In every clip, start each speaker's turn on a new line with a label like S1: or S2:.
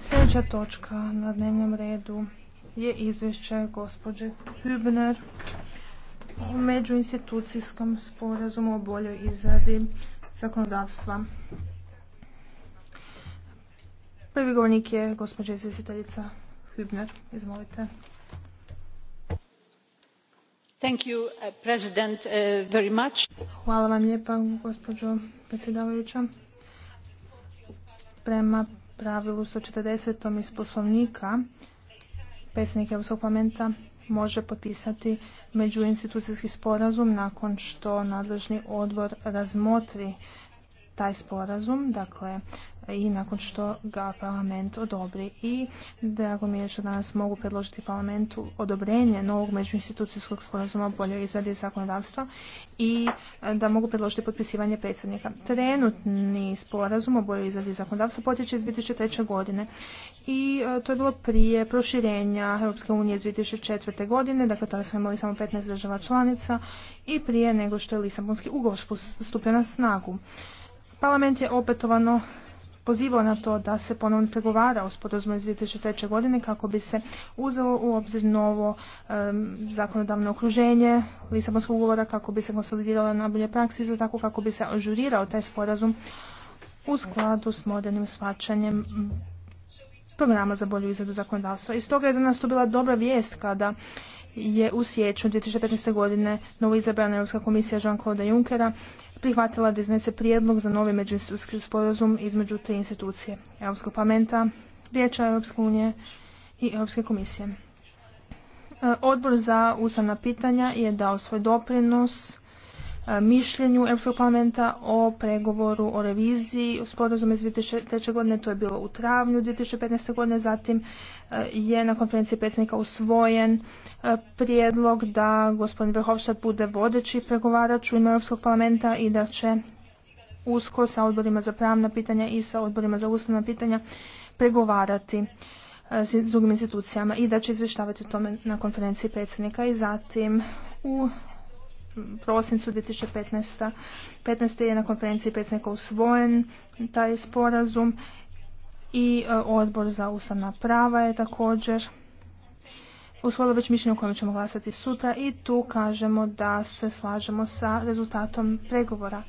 S1: Sljedeća točka na dnevnom redu je izvješće gospođe Hübner o međuinstitucijskom sporazumu o boljoj izradi zakonodavstva. Prvi govornik je gospođa izvjestiteljica Hübner. Izvolite. Thank you, uh, President, uh, Hvala vam lijepa, gospođo predsjedavajuća prema pravilu 140. iz poslovnika predsjednik Europskog parlamenta može potpisati međuinstitucijski sporazum nakon što nadležni odbor razmotri taj sporazum, dakle i nakon što ga parlament odobri. I drago mi je što danas mogu predložiti parlamentu odobrenje novog međuinstitucijskog sporazuma o boljoj izradi zakonodavstva i e, da mogu predložiti potpisivanje predsjednika. Trenutni sporazum o boljoj izradi zakonodavstva potječe iz 2003. godine i e, to je bilo prije proširenja Europske unije iz 2004. godine, dakle tada smo imali samo 15 država članica i prije nego što je Lisabonski ugovor stupio na snagu. Parlament je opetovano pozivao na to da se ponovno pregovara o sporazumu iz 2003. godine kako bi se uzelo u obzir novo zakonodavno okruženje Lisabonskog ugovora, kako bi se konsolidirala najbolje prakse, i tako kako bi se ažurirao taj sporazum u skladu s modernim shvaćanjem programa za bolju izradu zakonodavstva. I stoga je za nas to bila dobra vijest kada je u sjeću 2015. godine novo izabrana Europska komisija Jean-Claude Junckera prihvatila da iznese prijedlog za novi međuinstitucijski sporazum između tri institucije, Europskog parlamenta, Vijeća Europske unije i Europske komisije. E, Odbor za ustavna pitanja je dao svoj doprinos E, mišljenju Europskog parlamenta o pregovoru o reviziji sporazuma iz 2003. godine, to je bilo u travnju 2015. godine, zatim e, je na konferenciji predsjednika usvojen e, prijedlog da gospodin Verhofstadt bude vodeći pregovarač u ime Europskog parlamenta i da će usko sa odborima za pravna pitanja i sa odborima za ustavna pitanja pregovarati s drugim institucijama i da će izvještavati o tome na konferenciji predsjednika i zatim u prosincu 2015. 15. je na konferenciji predsjednika usvojen taj sporazum i e, odbor za ustavna prava je također usvojilo već mišljenje o kojem ćemo glasati sutra i tu kažemo da se slažemo sa rezultatom pregovora.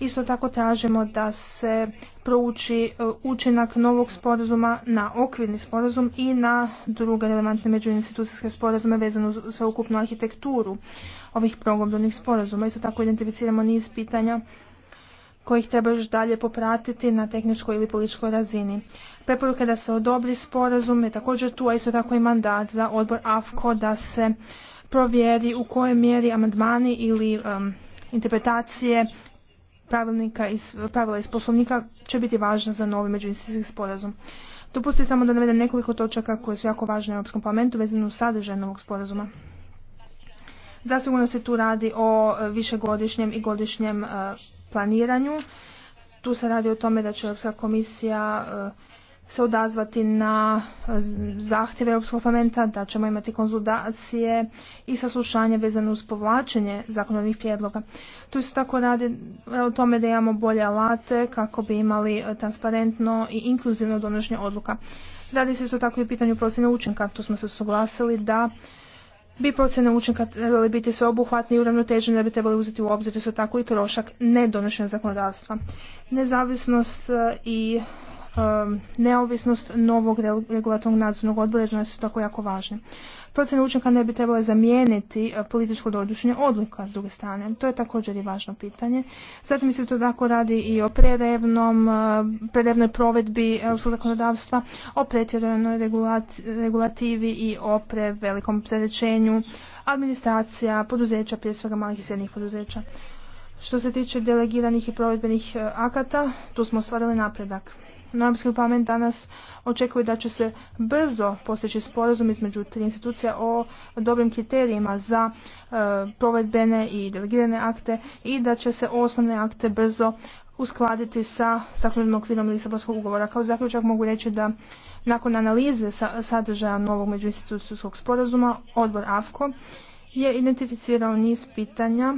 S1: Isto tako tražimo da se prouči e, učinak novog sporazuma na okvirni sporazum i na druge relevantne međuinstitucijske sporazume vezano uz sveukupnu arhitekturu ovih progobljivnih sporazuma. Isto tako identificiramo niz pitanja kojih treba još dalje popratiti na tehničkoj ili političkoj razini. Preporuka da se odobri sporazum je također tu, a isto tako i mandat za odbor AFKO da se provjeri u kojoj mjeri amandmani ili interpretacije pravilnika i pravila iz poslovnika će biti važna za novi međuinstitucijski sporazum. Dopusti samo da navedem nekoliko točaka koje su jako važne u Europskom parlamentu vezano u sadržaj novog sporazuma. Zasigurno se tu radi o e, višegodišnjem i godišnjem e, planiranju. Tu se radi o tome da će Europska komisija e, se odazvati na e, zahtjeve Europskog parlamenta, da ćemo imati konzultacije i saslušanje vezano uz povlačenje zakonovnih prijedloga. Tu se tako radi e, o tome da imamo bolje alate kako bi imali e, transparentno i inkluzivno donošenje odluka. Radi se isto tako i o pitanju procjene učinka. Tu smo se suglasili da bi procjene učinka trebali biti sveobuhvatni i uravnoteženi da bi trebali uzeti u obzir isto tako i trošak donošenja zakonodavstva. Nezavisnost i Um, neovisnost novog regulatornog nadzornog odbora žene su tako jako važne. Procjene učinka ne bi trebala zamijeniti uh, političko dodušenje odluka s druge strane. To je također i važno pitanje. Zatim se to tako radi i o prerevnom, uh, prerevnoj provedbi europskog zakonodavstva, o pretjeranoj regulativi i o prevelikom opterećenju, administracija, poduzeća, prije svega malih i srednjih poduzeća. Što se tiče delegiranih i provedbenih uh, akata, tu smo ostvarili napredak. No, parlament danas očekuje da će se brzo postići sporazum između tri institucija o dobrim kriterijima za e, provedbene i delegirane akte i da će se osnovne akte brzo uskladiti sa zakonodavnim okvirom Lisabonskog ugovora. Kao zaključak mogu reći da nakon analize sadržaja novog međuinstitucijskog sporazuma, odbor AFKO je identificirao niz pitanja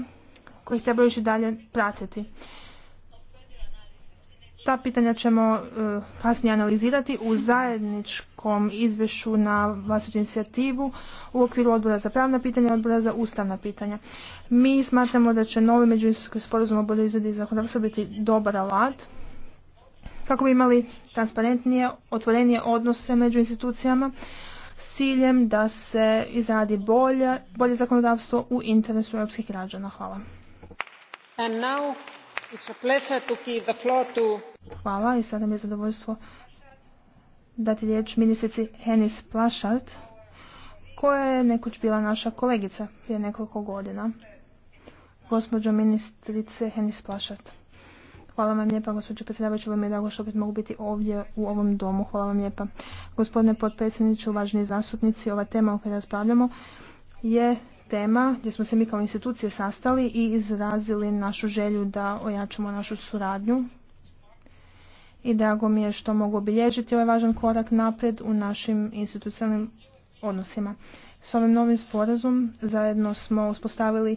S1: kojih treba još i dalje pratiti. Ta pitanja ćemo e, kasnije analizirati u zajedničkom izvješću na vlastitu inicijativu u okviru odbora za pravna pitanja i odbora za ustavna pitanja. Mi smatramo da će novi međunarodni sporazum o izradi zakonodavstva biti dobar alat kako bi imali transparentnije, otvorenije odnose među institucijama s ciljem da se izradi bolje, bolje zakonodavstvo u interesu europskih građana. Hvala. And Hvala i sada mi je zadovoljstvo dati riječ ministrici Henis Plašart koja je nekoć bila naša kolegica prije nekoliko godina. Gospođo ministrice Henis Plašart. Hvala vam lijepa, gospođo predsjedavajući, vam je drago što opet mogu biti ovdje u ovom domu. Hvala vam lijepa. Gospodine potpredsjedniče, uvaženi zastupnici, ova tema o kojoj raspravljamo je tema gdje smo se mi kao institucije sastali i izrazili našu želju da ojačamo našu suradnju. I drago mi je što mogu obilježiti ovaj važan korak napred u našim institucionalnim odnosima. S ovim novim sporazum zajedno smo uspostavili e,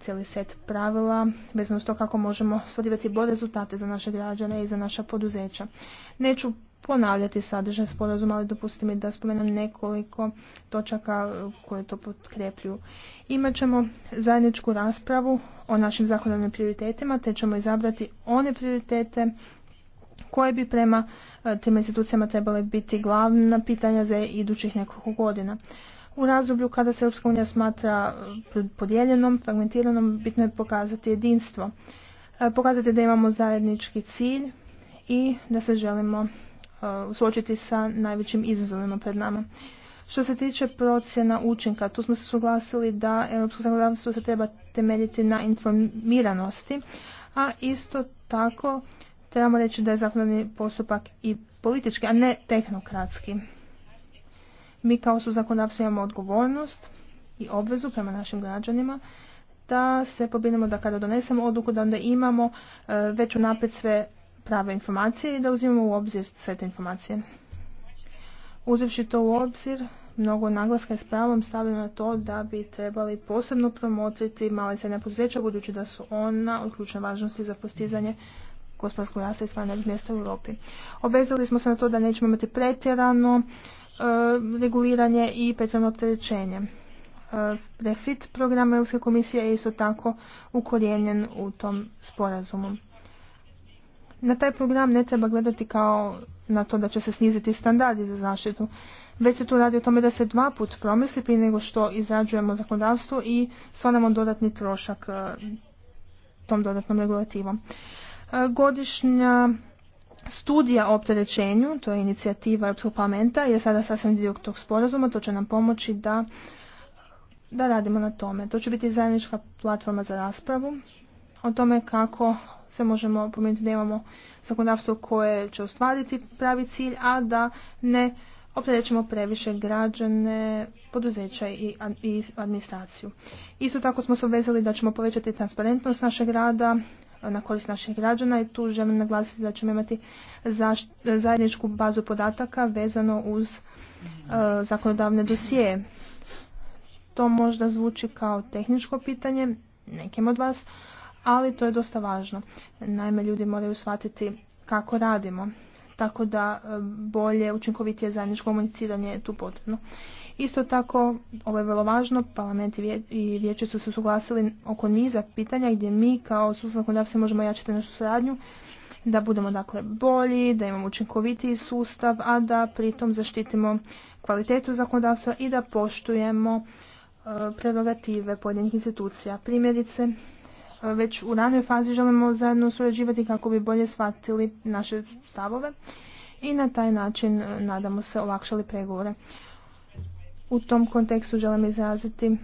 S1: cijeli set pravila vezano to kako možemo stvarivati bolje rezultate za naše građane i za naša poduzeća. Neću ponavljati sadržaj sporazuma, ali dopustite mi da spomenem nekoliko točaka koje to potkrepljuju. Imaćemo zajedničku raspravu o našim zakonodavnim prioritetima, te ćemo izabrati one prioritete koje bi prema e, tim institucijama trebale biti glavna pitanja za idućih nekoliko godina. U razdoblju kada se Europska unija smatra e, podijeljenom, fragmentiranom, bitno je pokazati jedinstvo. E, pokazati da imamo zajednički cilj i da se želimo E, suočiti sa najvećim izazovima pred nama. Što se tiče procjena učinka, tu smo se suglasili da europsko zakonodavstvo se treba temeljiti na informiranosti, a isto tako trebamo reći da je zakonodavni postupak i politički, a ne tehnokratski. Mi kao su zakonodavstvo imamo odgovornost i obvezu prema našim građanima da se pobinemo da kada donesemo odluku da onda imamo e, već unaprijed sve prave informacije i da uzimamo u obzir sve te informacije. Uzivši to u obzir, mnogo naglaska je s pravom stavljeno na to da bi trebali posebno promotriti male i srednje poduzeća budući da su ona od ključne važnosti za postizanje gospodarskog rasta i stvarnog mjesta u Europi. Obezali smo se na to da nećemo imati pretjerano e, reguliranje i pretjerano opterećenje. E, refit programa Europske komisije je isto tako ukorijenjen u tom sporazumu na taj program ne treba gledati kao na to da će se sniziti standardi za zaštitu. Već se tu radi o tome da se dva put promisli prije nego što izrađujemo zakonodavstvo i stvaramo dodatni trošak e, tom dodatnom regulativom. E, godišnja studija o opterećenju, to je inicijativa Europskog parlamenta, je sada sasvim dio tog sporazuma, to će nam pomoći da, da radimo na tome. To će biti zajednička platforma za raspravu o tome kako se možemo pomenuti da imamo zakonodavstvo koje će ostvariti pravi cilj, a da ne opterećemo previše građane, poduzeća i administraciju. Isto tako smo se obvezali da ćemo povećati transparentnost našeg rada eh, na korist naših građana i tu želim naglasiti da ćemo imati zajedničku bazu podataka vezano uz eh, zakonodavne dosije. To možda zvuči kao tehničko pitanje nekim od vas, ali to je dosta važno. Naime, ljudi moraju shvatiti kako radimo, tako da e, bolje, učinkovitije zajedničko komuniciranje je tu potrebno. Isto tako, ovo je vrlo važno, parlament i vijeće su se suglasili oko niza pitanja gdje mi kao sustav se možemo jačati našu suradnju, da budemo dakle bolji, da imamo učinkovitiji sustav, a da pritom zaštitimo kvalitetu zakonodavstva i da poštujemo e, prerogative pojedinih institucija. Primjerice, već u ranoj fazi želimo zajedno surađivati kako bi bolje shvatili naše stavove i na taj način e, nadamo se olakšali pregovore. U tom kontekstu želim izraziti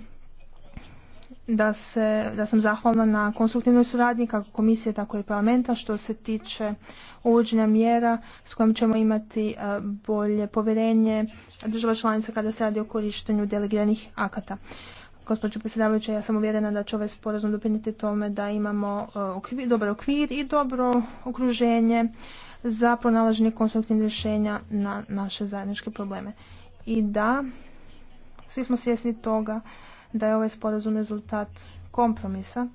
S1: da, se, da sam zahvalna na konstruktivnoj suradnji kako komisije tako i parlamenta što se tiče uvođenja mjera s kojom ćemo imati e, bolje povjerenje država članica kada se radi o korištenju delegiranih akata. Gospođo predsjedavajuća, ja sam uvjerena da će ovaj sporazum doprinijeti tome da imamo e, dobar okvir i dobro okruženje za pronalaženje konstruktivnih rješenja na naše zajedničke probleme. I da, svi smo svjesni toga da je ovaj sporazum rezultat kompromisa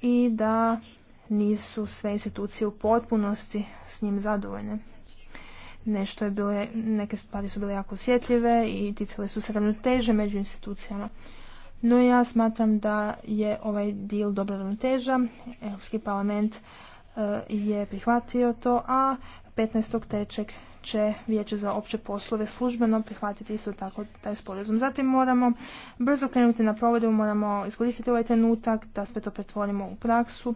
S1: i da nisu sve institucije u potpunosti s njim zadovoljne nešto je bile, neke stvari su bile jako osjetljive i ticale su se ravnoteže među institucijama. No ja smatram da je ovaj dil dobra ravnoteža. Europski parlament eh, je prihvatio to, a 15. tečeg će Vijeće za opće poslove službeno prihvatiti isto tako taj sporazum. Zatim moramo brzo krenuti na provedbu, moramo iskoristiti ovaj trenutak da sve to pretvorimo u praksu,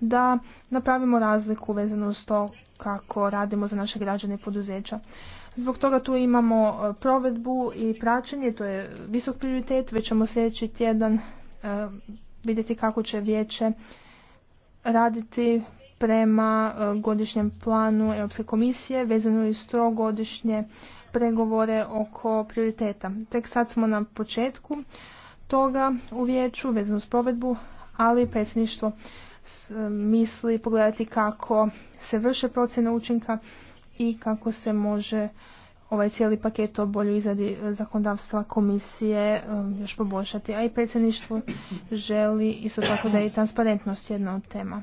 S1: da napravimo razliku vezanu s to kako radimo za naše građane i poduzeća. Zbog toga tu imamo e, provedbu i praćenje, to je visok prioritet, već ćemo sljedeći tjedan e, vidjeti kako će vijeće raditi prema e, godišnjem planu Europske komisije vezano i strogodišnje pregovore oko prioriteta. Tek sad smo na početku toga u vijeću vezano s provedbu, ali predsjedništvo e, misli pogledati kako se vrše procjena učinka i kako se može ovaj cijeli paket o boljoj izradi e, zakonodavstva komisije još poboljšati. A i predsjedništvo želi isto tako da je i transparentnost jedna od tema.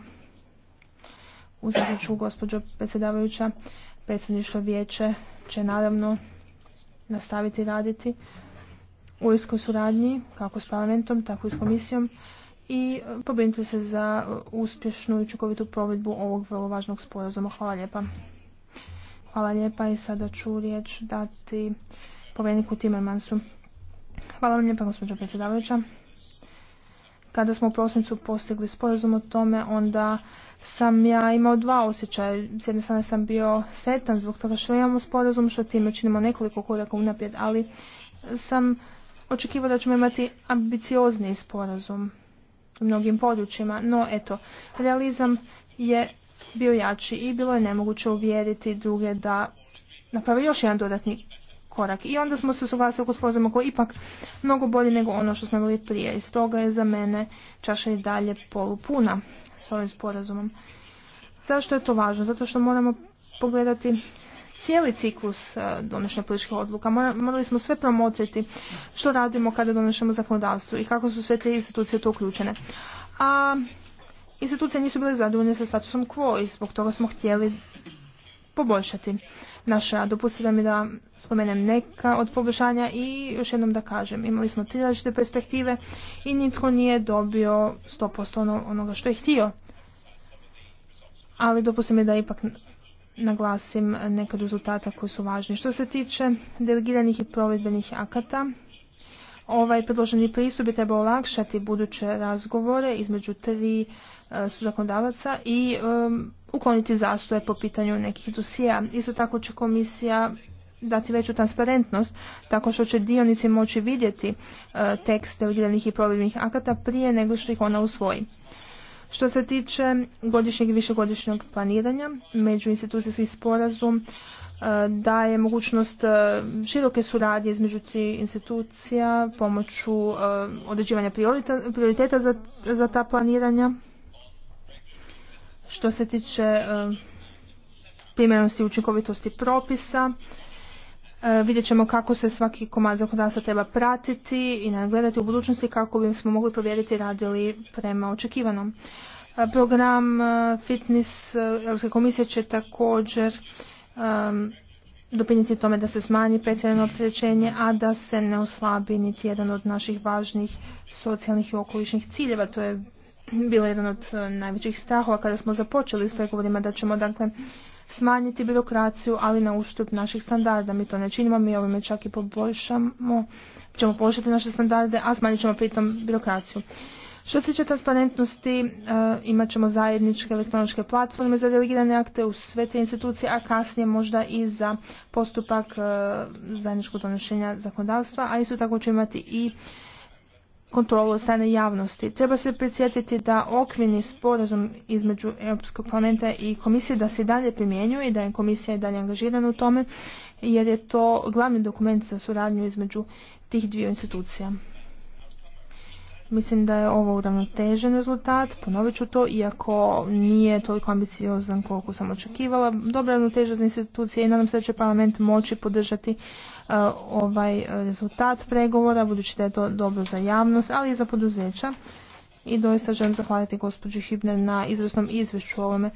S1: U ću, gospođo predsjedavajuća, predsjedništvo vijeće će naravno nastaviti raditi u iskoj suradnji, kako s parlamentom, tako i s komisijom i e, pobrinuti se za e, uspješnu i učinkovitu provedbu ovog vrlo važnog sporazuma. Hvala lijepa. Hvala lijepa i sada ću riječ dati povjereniku Timmermansu. Hvala vam lijepa, gospođo predsjedavajuća. Kada smo u prosincu postigli sporazum o tome, onda sam ja imao dva osjećaja. S jedne strane sam bio setan zbog toga što imamo sporazum, što time činimo nekoliko koraka unaprijed, ali sam očekivao da ćemo imati ambiciozni sporazum u mnogim područjima. No, eto, realizam je bio jači i bilo je nemoguće uvjeriti druge da naprave još jedan dodatni korak. I onda smo se suglasili oko sporazuma koji je ipak mnogo bolji nego ono što smo bili prije. I stoga je za mene čaša i dalje polupuna s ovim sporazumom. Zašto je to važno? Zato što moramo pogledati cijeli ciklus e, donošenja političkih odluka. Morali smo sve promotriti što radimo kada donošemo zakonodavstvo i kako su sve te institucije to uključene. A institucije nisu bile zadovoljne sa statusom quo i zbog toga smo htjeli poboljšati. naša dopustite mi da spomenem neka od poboljšanja i još jednom da kažem, imali smo tri različite perspektive i nitko nije dobio 100% ono, onoga što je htio. Ali dopustite mi da ipak naglasim neke rezultata koji su važni. Što se tiče delegiranih i provedbenih akata, ovaj predloženi pristup bi trebao olakšati buduće razgovore između tri e, i ukloniti zastoje po pitanju nekih dosija. Isto tako će komisija dati veću transparentnost tako što će dionici moći vidjeti e, tekste i problemnih akata prije nego što ih ona usvoji. Što se tiče godišnjeg i višegodišnjeg planiranja, međuinstitucijski sporazum e, daje mogućnost e, široke suradnje između institucija pomoću e, određivanja prioriteta za ta planiranja što se tiče e, primjenosti i učinkovitosti propisa. E, vidjet ćemo kako se svaki komad zakonodavstva treba pratiti i nagledati u budućnosti kako bismo mogli provjeriti radili prema očekivanom. E, program Fitness Europske komisije će također doprinijeti tome da se smanji pretjerano opterećenje, a da se ne oslabi niti jedan od naših važnih socijalnih i okolišnih ciljeva. To je je jedan od e, najvećih strahova kada smo započeli s pregovorima da ćemo dakle smanjiti birokraciju, ali na uštup naših standarda. Mi to ne činimo, mi ovime čak i poboljšamo, ćemo poboljšati naše standarde, a smanjit ćemo pritom birokraciju. Što se tiče transparentnosti, e, imat ćemo zajedničke elektroničke platforme za delegirane akte u sve te institucije, a kasnije možda i za postupak e, zajedničkog donošenja zakonodavstva, a isto tako ćemo imati i kontrolu od strane javnosti. Treba se prisjetiti da okvirni sporazum između Europskog parlamenta i komisije da se dalje primjenjuje i da je komisija i dalje angažirana u tome jer je to glavni dokument za suradnju između tih dviju institucija. Mislim da je ovo uravnotežen rezultat, ponovit ću to, iako nije toliko ambiciozan koliko sam očekivala. Dobra uravnoteža za institucije i nadam se da će parlament moći podržati E, ovaj e, rezultat pregovora, budući da je to dobro za javnost, ali i za poduzeća. I doista želim zahvaliti gospođi Hibner na izvrsnom izvješću ovome.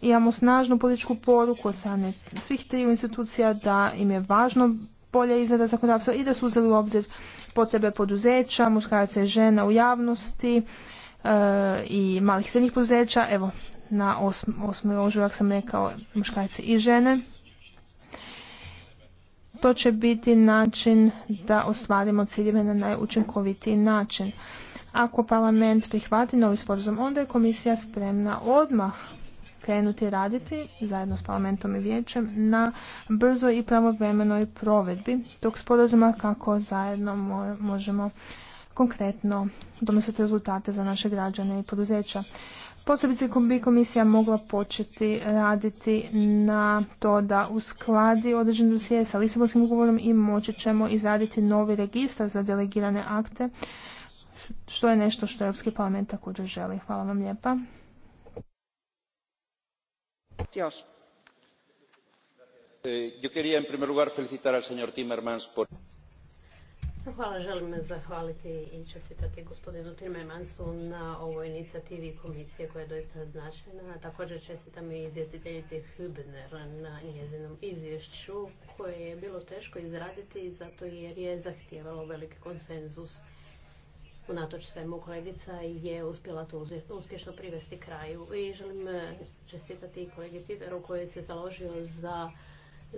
S1: Imamo snažnu političku poruku od strane svih triju institucija da im je važno bolje izrada zakonodavstva i da su uzeli u obzir potrebe poduzeća, muškaraca i žena u javnosti e, i malih srednjih poduzeća. Evo, na 8. ožujak sam rekao muškarci i žene. To će biti način da ostvarimo ciljeve na najučinkovitiji način. Ako parlament prihvati novi sporazum, onda je komisija spremna odmah krenuti raditi zajedno s parlamentom i vijećem na brzoj i pravovremenoj provedbi tog sporazuma kako zajedno možemo konkretno donositi rezultate za naše građane i poduzeća. Posebice bi komisija mogla početi raditi na to da uskladi određen dosije sa Lisabonskim ugovorom i moći ćemo izraditi novi registar za delegirane akte, što je nešto što Europski parlament također želi. Hvala vam lijepa.
S2: Pa hvala, želim zahvaliti i čestitati gospodinu Tirmemansu na ovoj inicijativi komisije koja je doista značajna. Također čestitam i izvjestiteljici Hübner na njezinom izvješću koje je bilo teško izraditi zato jer je zahtijevalo veliki konsenzus. Unatoč svemu kolegica je uspjela to uspješno privesti kraju i želim eh, čestitati kolegi Piveru koji se založio za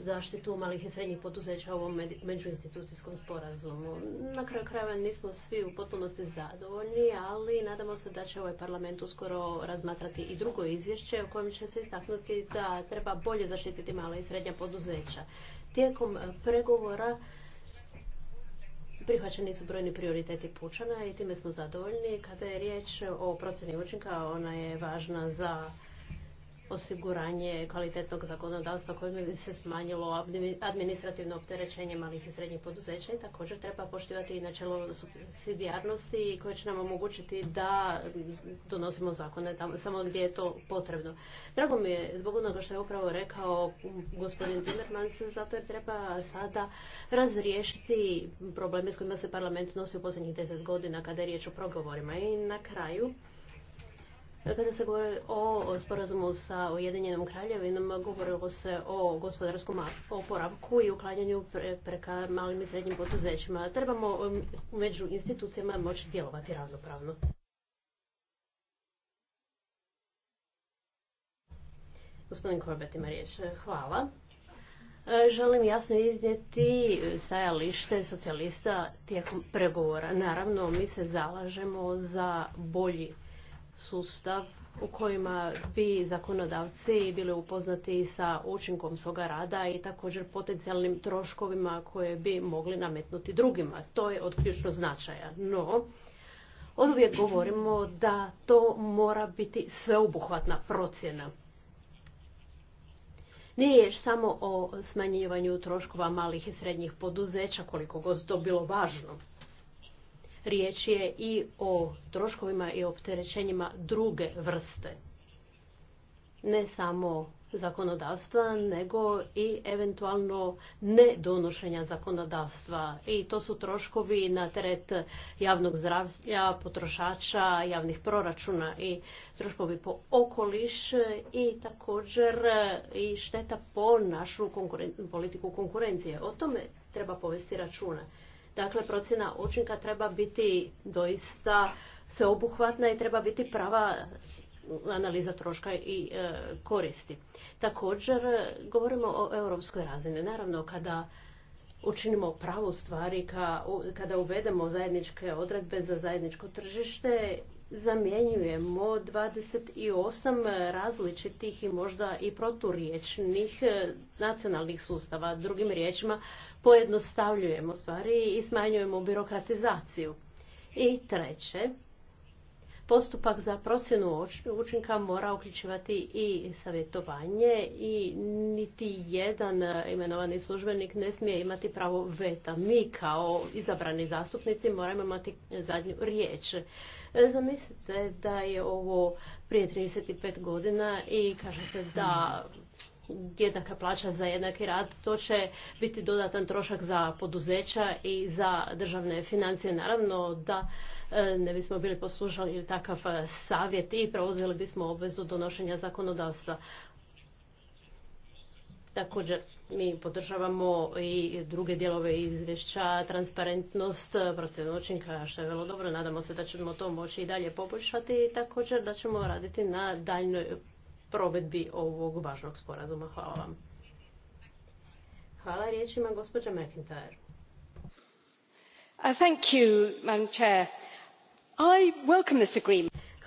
S2: zaštitu malih i srednjih poduzeća u ovom međuinstitucijskom sporazumu. Na kraju krajeva nismo svi u potpunosti zadovoljni, ali nadamo se da će ovaj parlament uskoro razmatrati i drugo izvješće u kojem će se istaknuti da treba bolje zaštititi mala i srednja poduzeća. Tijekom e, pregovora Prihvaćeni su brojni prioriteti pučana i time smo zadovoljni. Kada je riječ o procjeni učinka, ona je važna za osiguranje kvalitetnog zakonodavstva kojim bi se smanjilo administrativno opterećenje malih i srednjih poduzeća i također treba poštivati i načelo subsidijarnosti koje će nam omogućiti da donosimo zakone tamo, samo gdje je to potrebno. Drago mi je zbog onoga što je upravo rekao gospodin Timmermans, zato je treba sada razriješiti probleme s kojima se parlament nosi u posljednjih 10 godina kada je riječ o progovorima. I na kraju, kada se govori o sporazumu sa Ujedinjenom kraljevinom, govorilo se o gospodarskom oporavku i uklanjanju preka malim i srednjim poduzećima. Trebamo um, među institucijama moći djelovati razopravno. Gospodin Korbet ima riječ. Hvala. E, želim jasno iznijeti stajalište socijalista tijekom pregovora. Naravno, mi se zalažemo za bolji sustav u kojima bi zakonodavci bili upoznati sa učinkom svoga rada i također potencijalnim troškovima koje bi mogli nametnuti drugima. To je od ključnog značaja. No, od uvijek govorimo da to mora biti sveobuhvatna procjena. Nije još samo o smanjivanju troškova malih i srednjih poduzeća, koliko god to bilo važno riječ je i o troškovima i opterećenjima druge vrste. Ne samo zakonodavstva, nego i eventualno nedonošenja zakonodavstva. I to su troškovi na teret javnog zdravstva, potrošača, javnih proračuna i troškovi po okoliš i također i šteta po našu politiku konkurencije. O tome treba povesti računa. Dakle, procjena učinka treba biti doista sveobuhvatna i treba biti prava analiza troška i e, koristi. Također, govorimo o europskoj razini. Naravno, kada učinimo pravu stvari, kada uvedemo zajedničke odredbe za zajedničko tržište zamjenjujemo 28 različitih i možda i proturiječnih e, nacionalnih sustava. Drugim riječima pojednostavljujemo stvari i smanjujemo birokratizaciju. I treće, postupak za procjenu učinka mora uključivati i savjetovanje i niti jedan e, imenovani službenik ne smije imati pravo veta. Mi kao izabrani zastupnici moramo imati zadnju riječ. E, zamislite da je ovo prije 35 godina i kaže se da jednaka plaća za jednaki rad, to će biti dodatan trošak za poduzeća i za državne financije. Naravno da e, ne bismo bili poslušali takav e, savjet i preuzeli bismo obvezu donošenja zakonodavstva. Također, mi podržavamo i druge dijelove izvješća, transparentnost, procjenu učinka, što je vrlo dobro. Nadamo se da ćemo to moći i dalje poboljšati i također da ćemo raditi na daljnoj provedbi ovog važnog sporazuma. Hvala vam. Hvala riječima gospođa McIntyre. Uh, thank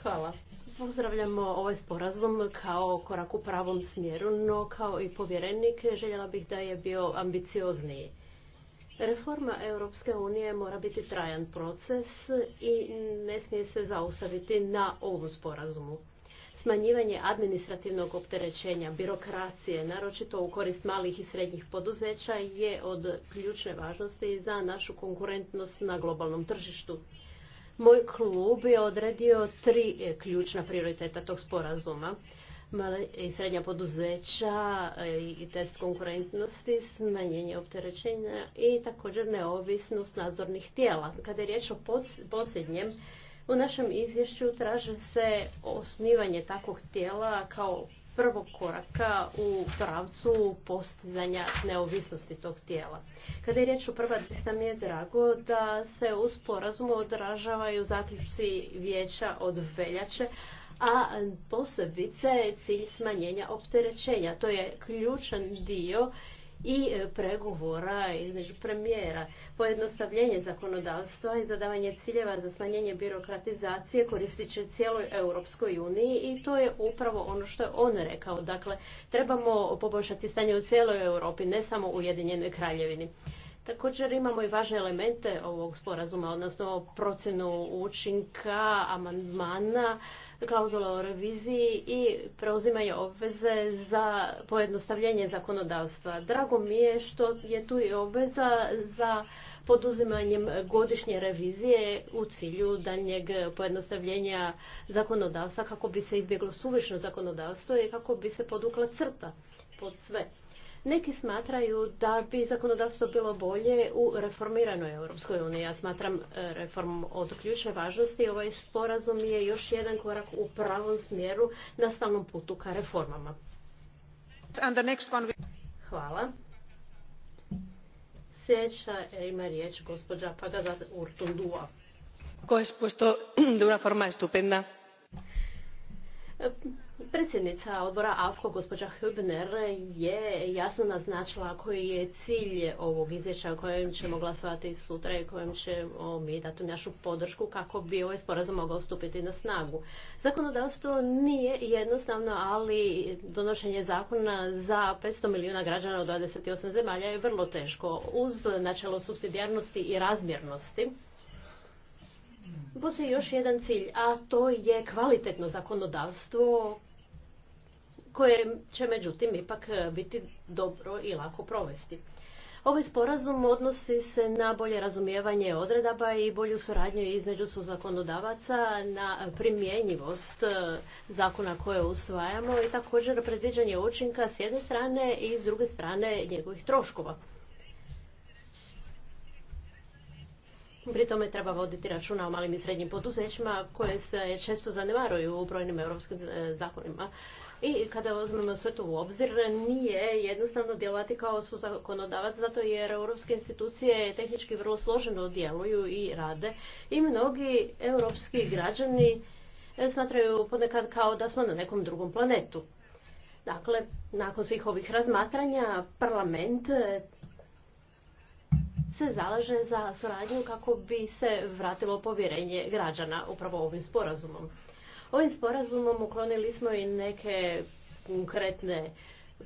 S2: Hvala. Pozdravljamo ovaj sporazum kao korak u pravom smjeru, no kao i povjerenik željela bih da je bio ambiciozniji. Reforma Europske unije mora biti trajan proces i ne smije se zaustaviti na ovom sporazumu. Smanjivanje administrativnog opterećenja, birokracije, naročito u korist malih i srednjih poduzeća, je od ključne važnosti za našu konkurentnost na globalnom tržištu. Moj klub je odredio tri ključna prioriteta tog sporazuma. Mala i srednja poduzeća i test konkurentnosti, smanjenje opterećenja i također neovisnost nadzornih tijela. Kada je riječ o posljednjem, u našem izvješću traže se osnivanje takvog tijela kao prvog koraka u pravcu postizanja neovisnosti tog tijela. Kada je riječ o prva lista mi je drago da se u sporazumu odražavaju zaključci vijeća od veljače, a posebice cilj smanjenja opterećenja. To je ključan dio i e, pregovora između premijera. Pojednostavljenje zakonodavstva i zadavanje ciljeva za smanjenje birokratizacije koristit će cijeloj Europskoj uniji i to je upravo ono što je on rekao. Dakle, trebamo poboljšati stanje u cijeloj Europi, ne samo u Ujedinjenoj kraljevini. Također imamo i važne elemente ovog sporazuma, odnosno procjenu učinka, amandmana, klauzula o reviziji i preuzimanje obveze za pojednostavljenje zakonodavstva. Drago mi je što je tu i obveza za poduzimanjem godišnje revizije u cilju daljnjeg pojednostavljenja zakonodavstva kako bi se izbjeglo suvišno zakonodavstvo i kako bi se podukla crta pod sve. Neki smatraju da bi zakonodavstvo bilo bolje u reformiranoj Europskoj uniji. Ja smatram e, reform od ključne važnosti. Ovaj sporazum je još jedan korak u pravom smjeru na stalnom putu ka reformama. Hvala. Sljedeća ima riječ gospođa Pagazat Urtundua.
S3: Koje je de una forma estupenda
S2: Predsjednica odbora AFKO, gospođa Hübner, je jasno naznačila koji je cilj ovog izvješća kojem ćemo glasovati sutra i kojem ćemo mi dati našu podršku kako bi ovaj sporazum mogao stupiti na snagu. Zakonodavstvo nije jednostavno, ali donošenje zakona za 500 milijuna građana od 28 zemalja je vrlo teško uz načelo subsidijarnosti i razmjernosti postoji još jedan cilj, a to je kvalitetno zakonodavstvo koje će međutim ipak biti dobro i lako provesti. Ovaj sporazum odnosi se na bolje razumijevanje odredaba i bolju suradnju između su zakonodavaca na primjenjivost e, zakona koje usvajamo i također predviđanje učinka s jedne strane i s druge strane njegovih troškova. Pri tome treba voditi računa o malim i srednjim poduzećima koje se često zanemaruju u brojnim europskim e, zakonima. I kada uzmemo sve to u obzir, nije jednostavno djelovati kao su zakonodavac, zato jer europske institucije tehnički vrlo složeno djeluju i rade. I mnogi europski građani e, smatraju ponekad kao da smo na nekom drugom planetu. Dakle, nakon svih ovih razmatranja, parlament se zalaže za suradnju kako bi se vratilo povjerenje građana upravo ovim sporazumom. Ovim sporazumom uklonili smo i neke konkretne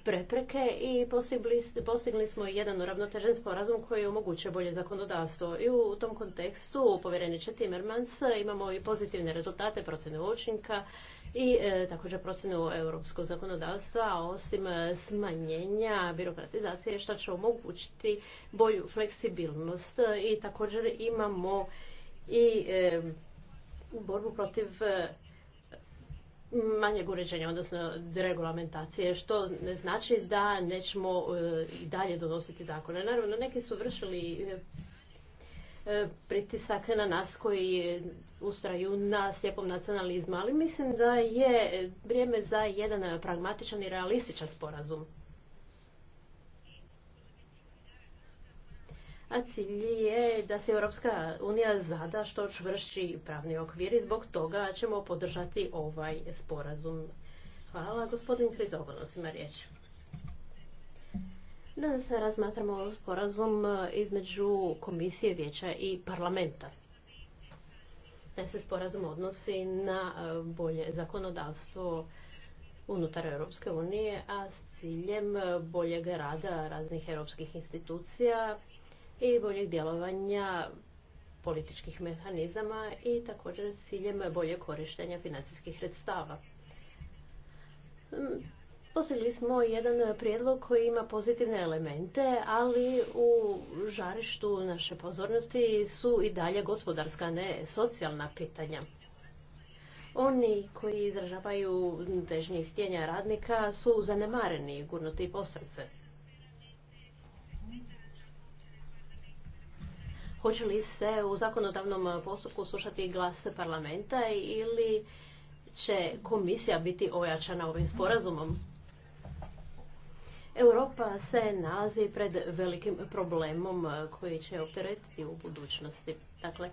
S2: prepreke i postigli, smo smo jedan uravnotežen sporazum koji omogućuje bolje zakonodavstvo. I u tom kontekstu, povjereniče Timmermans, imamo i pozitivne rezultate procjene učinka i e, također procjenu europskog zakonodavstva, osim e, smanjenja birokratizacije što će omogućiti bolju fleksibilnost i također imamo i e, borbu protiv manjeg uređenja, odnosno deregulamentacije, što ne znači da nećemo i dalje donositi zakone. Naravno, neki su vršili E, pritisak na nas koji ustraju na slijepom nacionalizmu, ali mislim da je vrijeme za jedan pragmatičan i realističan sporazum. A cilj je da se Europska unija zada što čvrši pravni okvir i zbog toga ćemo podržati ovaj sporazum. Hvala, gospodin Krizogonos ima riječ. Danas razmatramo sporazum e, između Komisije vijeća i parlamenta. Taj se sporazum odnosi na e, bolje zakonodavstvo unutar Europske unije, a s ciljem boljeg rada raznih europskih institucija i boljeg djelovanja političkih mehanizama i također s ciljem bolje korištenja financijskih sredstava. Postigli smo jedan e, prijedlog koji ima pozitivne elemente, ali u žarištu naše pozornosti su i dalje gospodarska, ne socijalna pitanja. Oni koji izražavaju težnjih htjenja radnika su zanemareni i gurnuti posrce. Hoće li se u zakonodavnom postupku slušati glas parlamenta ili će komisija biti ojačana ovim sporazumom? Europa se nalazi pred velikim problemom eh, koji će opteretiti u budućnosti. Dakle,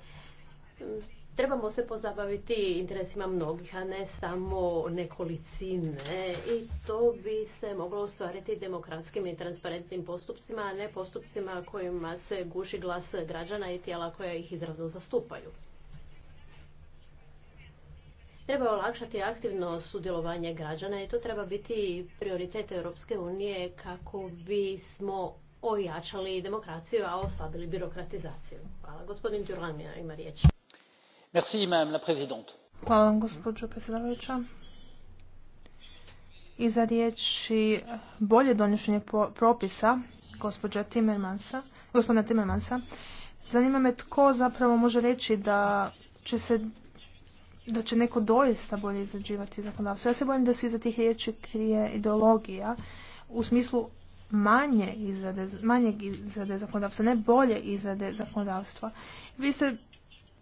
S2: trebamo se pozabaviti interesima mnogih, a ne samo nekolicine. I to bi se moglo ostvariti demokratskim i transparentnim postupcima, a ne postupcima kojima se guši glas građana i tijela koja ih izravno zastupaju. Treba olakšati aktivno sudjelovanje građana i to treba biti prioritet Europske unije kako bismo ojačali demokraciju, a oslabili birokratizaciju. Hvala. Gospodin Djurlamija ima riječ.
S3: Merci, madame la présidente.
S1: Hvala vam, gospođo I za riječi bolje donošenje propisa gospođa Timmermansa, gospodina Timmermansa, zanima me tko zapravo može reći da će se da će neko doista bolje izrađivati zakonodavstvo. Ja se bojim da se iza tih riječi krije ideologija u smislu manje izrade, manjeg izrade zakonodavstva, ne bolje izrade zakonodavstva. Vi ste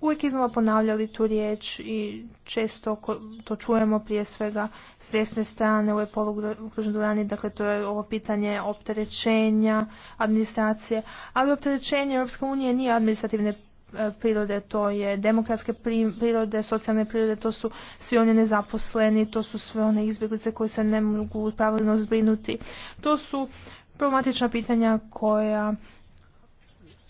S1: uvijek iznova ponavljali tu riječ i često to čujemo prije svega s desne strane u polugružnoj dvorani, dakle to je ovo pitanje opterećenja administracije, ali opterećenje Europske unije nije administrativne E, prirode, to je demokratske prirode, socijalne prirode, to su svi oni nezaposleni, to su sve one izbjeglice koje se ne mogu pravilno zbrinuti. To su problematična pitanja koja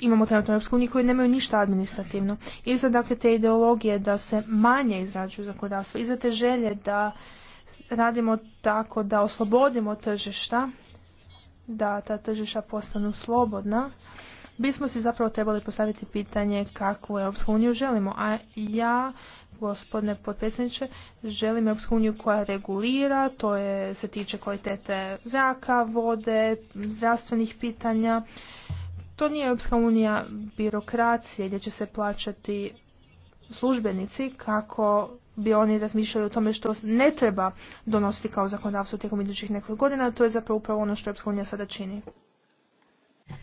S1: imamo trenutno u uniju nemaju ništa administrativno. za dakle te ideologije da se manje izrađuju zakonodavstvo, iza te želje da radimo tako da oslobodimo tržišta, da ta tržišta postanu slobodna, bismo si zapravo trebali postaviti pitanje kakvu Europsku uniju želimo. A ja, gospodine potpredsjedniče, želim Europsku uniju koja regulira, to je, se tiče kvalitete zraka, vode, zdravstvenih pitanja. To nije Europska unija birokracije gdje će se plaćati službenici kako bi oni razmišljali o tome što ne treba donositi kao zakonodavstvo tijekom idućih nekoliko godina, to je zapravo upravo ono što Europska unija sada čini.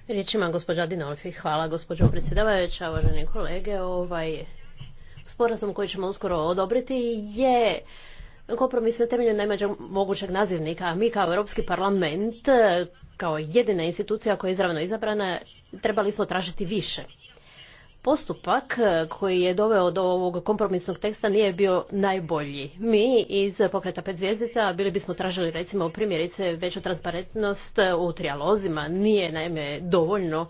S2: Riječ ima gospođa Dinolfi. Hvala gospođo predsjedavajuća, uvaženi kolege. Ovaj sporazum koji ćemo uskoro odobriti je kompromis na temelju mogućeg nazivnika. A mi kao Europski parlament, kao jedina institucija koja je izravno izabrana, trebali smo tražiti više postupak e, koji je doveo do ovog kompromisnog teksta nije bio najbolji. Mi iz pokreta pet zvijezdica bili bismo tražili recimo primjerice veću transparentnost u trijalozima. Nije naime dovoljno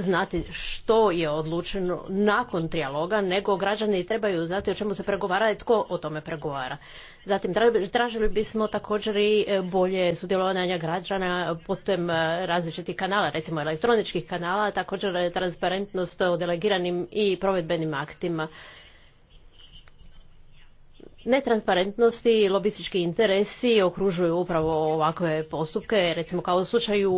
S2: znati što je odlučeno nakon trijaloga, nego građani trebaju znati o čemu se pregovara i tko o tome pregovara. Zatim, tražili bismo također i e, bolje sudjelovanja građana putem e, različitih kanala, recimo elektroničkih kanala, također transparentnost o delegiranim i provedbenim aktima Netransparentnosti i lobistički interesi okružuju upravo ovakve postupke. Recimo kao u slučaju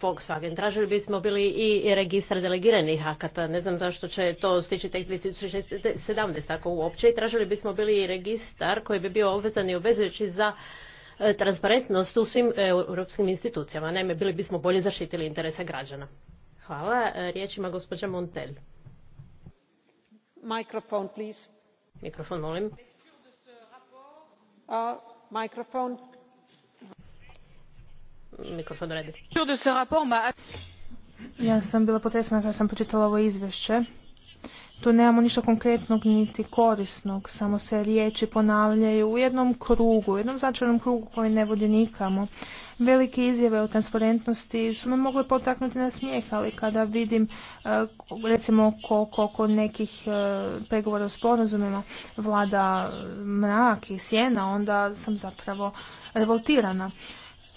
S2: Volkswagen tražili bismo bili i registar delegiranih akata. Ne znam zašto će to stići tek 2017 ako uopće. I tražili bismo bili i registar koji bi bio obvezan i obvezujući za e, transparentnost u svim e, europskim institucijama. Naime, bili bismo bolje zaštitili interese građana. Hvala. E, riječ ima gospođa Montel. Mikrofon, Mikrofon, molim. Mikrofon. Mikrofon
S1: ja sam bila potresena kada sam pročitala ovo izvješće tu nemamo ništa konkretnog niti korisnog, samo se riječi ponavljaju u jednom krugu, u jednom začarnom krugu koji ne vodi nikamo. Velike izjave o transparentnosti su me mogle potaknuti na smijeh, ali kada vidim e, recimo koliko nekih e, pregovora o sporazumima vlada mrak i sjena, onda sam zapravo revoltirana.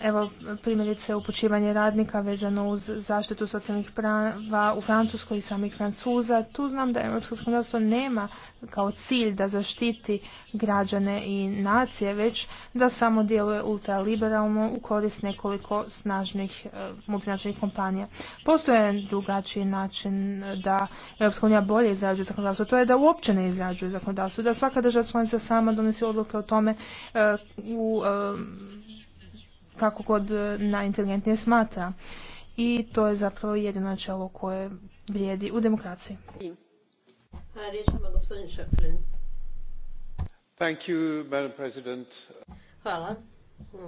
S1: Evo primjerice upućivanje radnika vezano uz zaštitu socijalnih prava u Francuskoj i samih Francuza. Tu znam da europsko zakonodavstvo nema kao cilj da zaštiti građane i nacije, već da samo djeluje ultraliberalno u korist nekoliko snažnih e, multinačnih kompanija. Postoje drugačiji način da Europska unija bolje izrađuje zakonodavstvo. To je da uopće ne izrađuje zakonodavstvo, da svaka država članica sama donosi odluke o tome e, u e, kako god e, najinteligentnije smatra. I to je zapravo jedino načelo koje vrijedi u demokraciji.
S2: Hvala,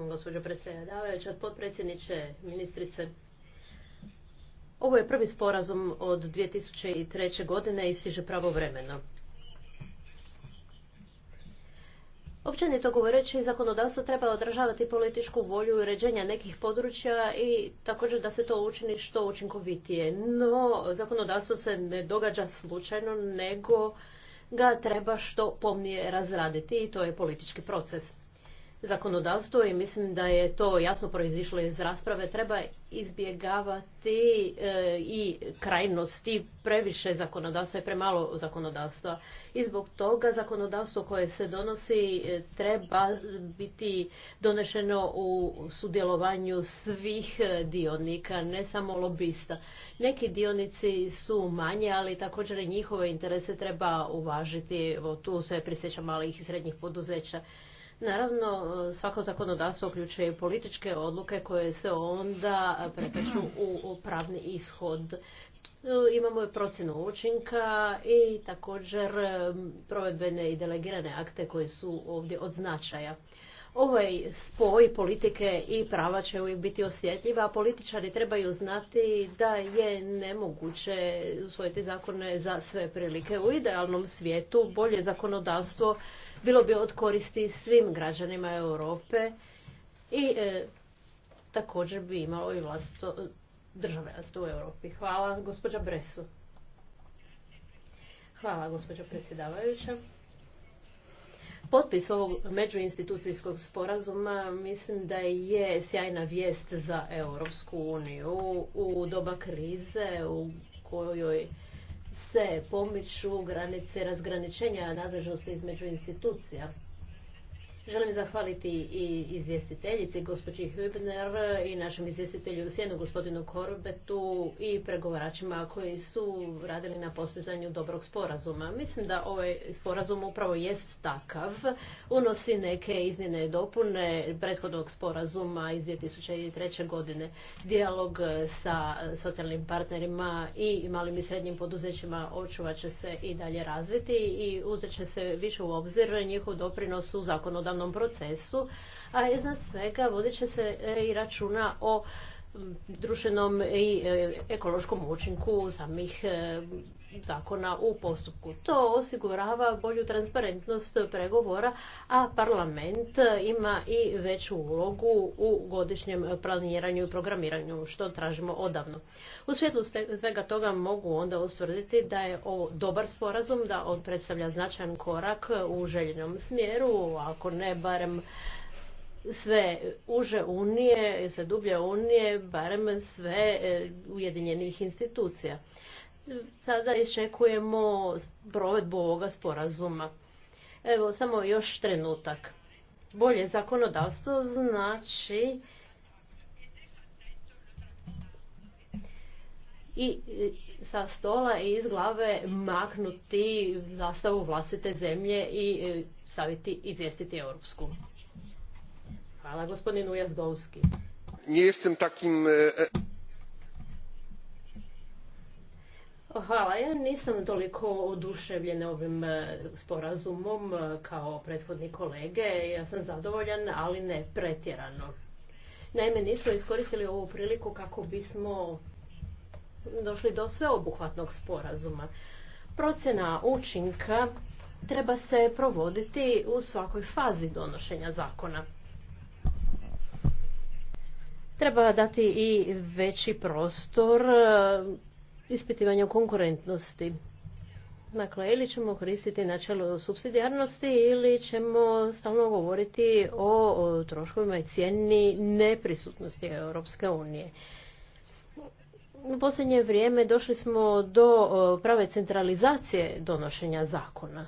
S2: gospođo predsjedavajuća, potpredsjedniče, ministrice. Ovo je prvi sporazum od 2003. godine i stiže pravovremeno. Općenito govoreći, zakonodavstvo treba održavati političku volju uređenja nekih područja i također da se to učini što učinkovitije. No, zakonodavstvo se ne događa slučajno, nego ga treba što pomnije razraditi i to je politički proces zakonodavstvo i mislim da je to jasno proizišlo iz rasprave. Treba izbjegavati e, i krajnosti previše zakonodavstva i premalo zakonodavstva. I zbog toga zakonodavstvo koje se donosi e, treba biti donešeno u sudjelovanju svih e, dionika, ne samo lobista. Neki dionici su manje, ali također njihove interese treba uvažiti. Evo, tu se prisjećam malih i srednjih poduzeća. Naravno, svako zakonodavstvo uključuje i političke odluke koje se onda prepeču u pravni ishod. Imamo i procjenu učinka i također provedbene i delegirane akte koje su ovdje od značaja. Ovaj spoj politike i prava će uvijek biti osjetljiva, a političari trebaju znati da je nemoguće usvojiti zakone za sve prilike. U idealnom svijetu bolje zakonodavstvo bilo bi od koristi svim građanima Europe i e, također bi imalo i vlastito državljanstvo u Europi. Hvala gospođa Bresu. Hvala gospođo predsjedavajuća. Potpis ovog međuinstitucijskog sporazuma mislim da je sjajna vijest za Europsku uniju u doba krize u kojoj se pomiču granice razgraničenja nadležnosti između institucija. Želim zahvaliti i izvjestiteljici gospođi Hübner i našem izvjestitelju u Sjenu gospodinu Korbetu i pregovaračima koji su radili na postizanju dobrog sporazuma. Mislim da ovaj sporazum upravo jest takav. Unosi neke izmjene i dopune prethodnog sporazuma iz 2003. godine. Dijalog sa socijalnim partnerima i malim i srednjim poduzećima očuvat će se i dalje razviti i uzet će se više u obzir njihov doprinos u zakonodavnom procesu, a iznad svega vodit će se e, i računa o društvenom i e, ekološkom učinku samih e, zakona u postupku. To osigurava bolju transparentnost pregovora, a parlament ima i veću ulogu u godišnjem planiranju i programiranju, što tražimo odavno. U svjetlu svega toga mogu onda ustvrditi da je ovo dobar sporazum, da on predstavlja značajan korak u željenom smjeru, ako ne barem sve uže unije, sve dublje unije, barem sve e, ujedinjenih institucija. Sada iščekujemo provedbu ovoga sporazuma. Evo, samo još trenutak. Bolje zakonodavstvo znači i sa stola i iz glave maknuti zastavu vlastite zemlje i e, saviti izvijestiti Europsku. Hvala gospodinu Nie
S1: e, e-
S2: Hvala, ja nisam toliko oduševljena ovim e, sporazumom kao prethodni kolege. Ja sam zadovoljan, ali ne pretjerano. Naime, nismo iskoristili ovu priliku kako bismo došli do sveobuhvatnog sporazuma. Procjena učinka treba se provoditi u svakoj fazi donošenja zakona treba dati i veći prostor e, ispitivanju konkurentnosti. Dakle, ili ćemo koristiti načelo subsidijarnosti ili ćemo stalno govoriti o troškovima i cijeni neprisutnosti Europske unije. U posljednje vrijeme došli smo do e, prave centralizacije donošenja zakona.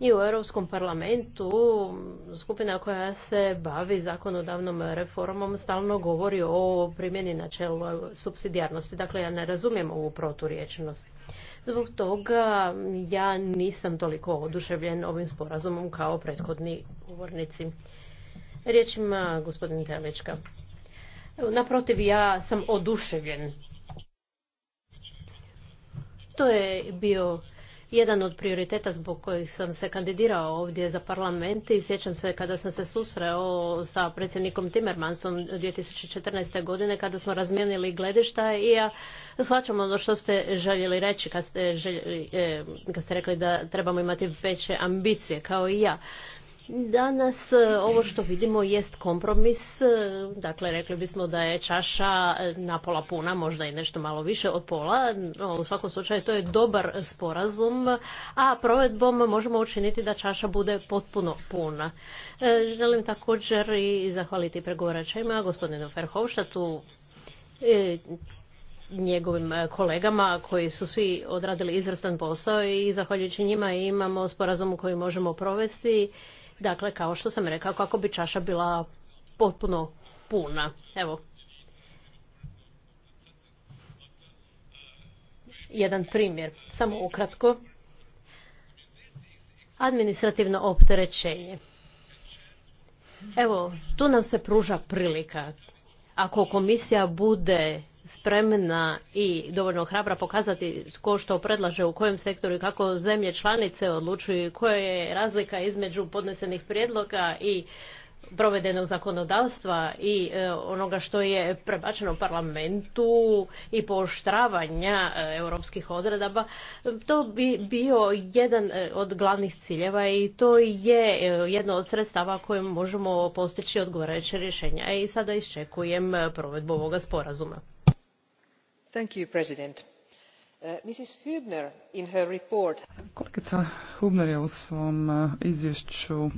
S2: i u Europskom parlamentu skupina koja se bavi zakonodavnom reformom stalno govori o primjeni načela subsidijarnosti. Dakle, ja ne razumijem ovu proturječnost. Zbog toga ja nisam toliko oduševljen ovim sporazumom kao prethodni govornici. Riječ ima gospodin Telička. Naprotiv, ja sam oduševljen. To je bio jedan od prioriteta zbog kojih sam se kandidirao ovdje za parlament i sjećam se kada sam se susreo sa predsjednikom Timmermansom 2014. godine kada smo razmijenili gledišta i ja shvaćam ono što ste željeli reći kad ste, željeli, eh, kad ste rekli da trebamo imati veće ambicije kao i ja. Danas e, ovo što vidimo jest kompromis, e, dakle rekli bismo da je čaša e, na pola puna, možda i nešto malo više od pola, u svakom slučaju to je dobar sporazum, a provedbom možemo učiniti da čaša bude potpuno puna. Želim također i zahvaliti pregovaračima, gospodinu Ferhovštatu, njegovim kolegama koji su svi odradili izvrstan posao i zahvaljujući njima imamo sporazum koji možemo provesti Dakle, kao što sam rekao, kako bi čaša bila potpuno puna. Evo, jedan primjer, samo ukratko. Administrativno opterećenje. Evo, tu nam se pruža prilika. Ako komisija bude spremna i dovoljno hrabra pokazati tko što predlaže u kojem sektoru i kako zemlje članice odlučuju koja je razlika između podnesenih prijedloga i provedenog zakonodavstva i e, onoga što je prebačeno parlamentu i pooštravanja e, europskih odredaba, to bi bio jedan e, od glavnih ciljeva i to je jedno od sredstava kojim možemo postići odgovarajuće rješenja. I sada iščekujem provedbu ovoga sporazuma. Uh,
S4: kolegica Hubner je u svom uh, izvješću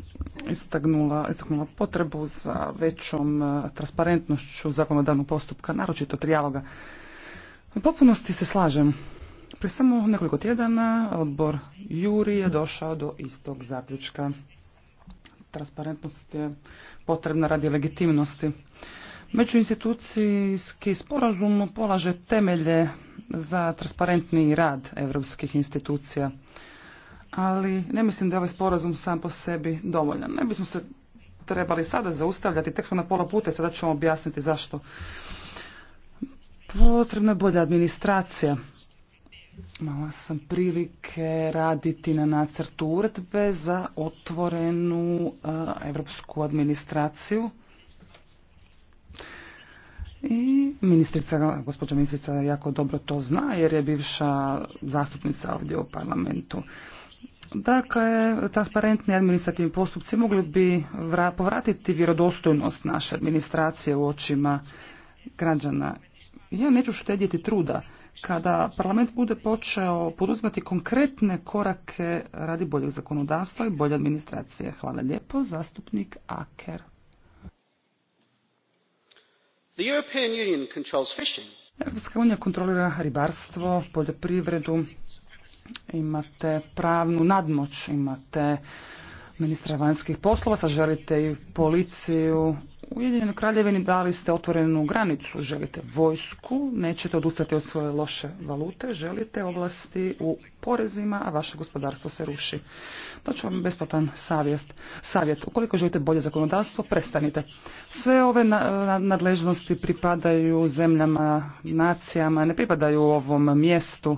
S4: istaknula potrebu za većom uh, transparentnošću zakonodavnog postupka naročito trijaloga. u potpunosti se slažem. prije samo nekoliko tjedana odbor juri je došao do istog zaključka. transparentnost je potrebna radi legitimnosti. Međuinstitucijski sporazum polaže temelje za transparentni rad europskih institucija, ali ne mislim da je ovaj sporazum sam po sebi dovoljan. Ne bismo se trebali sada zaustavljati, tek smo na pola puta, sada ćemo objasniti zašto. Potrebna je bolja administracija. Mala sam prilike raditi na nacrtu uredbe za otvorenu europsku eh, evropsku administraciju. I ministrica, gospođa ministrica jako dobro to zna jer je bivša zastupnica ovdje u parlamentu. Dakle, transparentni administrativni postupci mogli bi povratiti vjerodostojnost naše administracije u očima građana. Ja neću štedjeti truda kada parlament bude počeo poduzmati konkretne korake radi boljeg zakonodavstva i bolje administracije. Hvala lijepo, zastupnik Aker.
S3: Europska
S4: unija kontrolira ribarstvo, poljoprivredu, imate pravnu nadmoć, imate ministra vanjskih poslova, sad želite i policiju u Ujedinjenoj kraljevini, dali ste otvorenu granicu, želite vojsku, nećete odustati od svoje loše valute, želite ovlasti u porezima, a vaše gospodarstvo se ruši. To ću vam besplatan savjest. savjet. Ukoliko želite bolje zakonodavstvo, prestanite. Sve ove nadležnosti pripadaju zemljama, nacijama, ne pripadaju ovom mjestu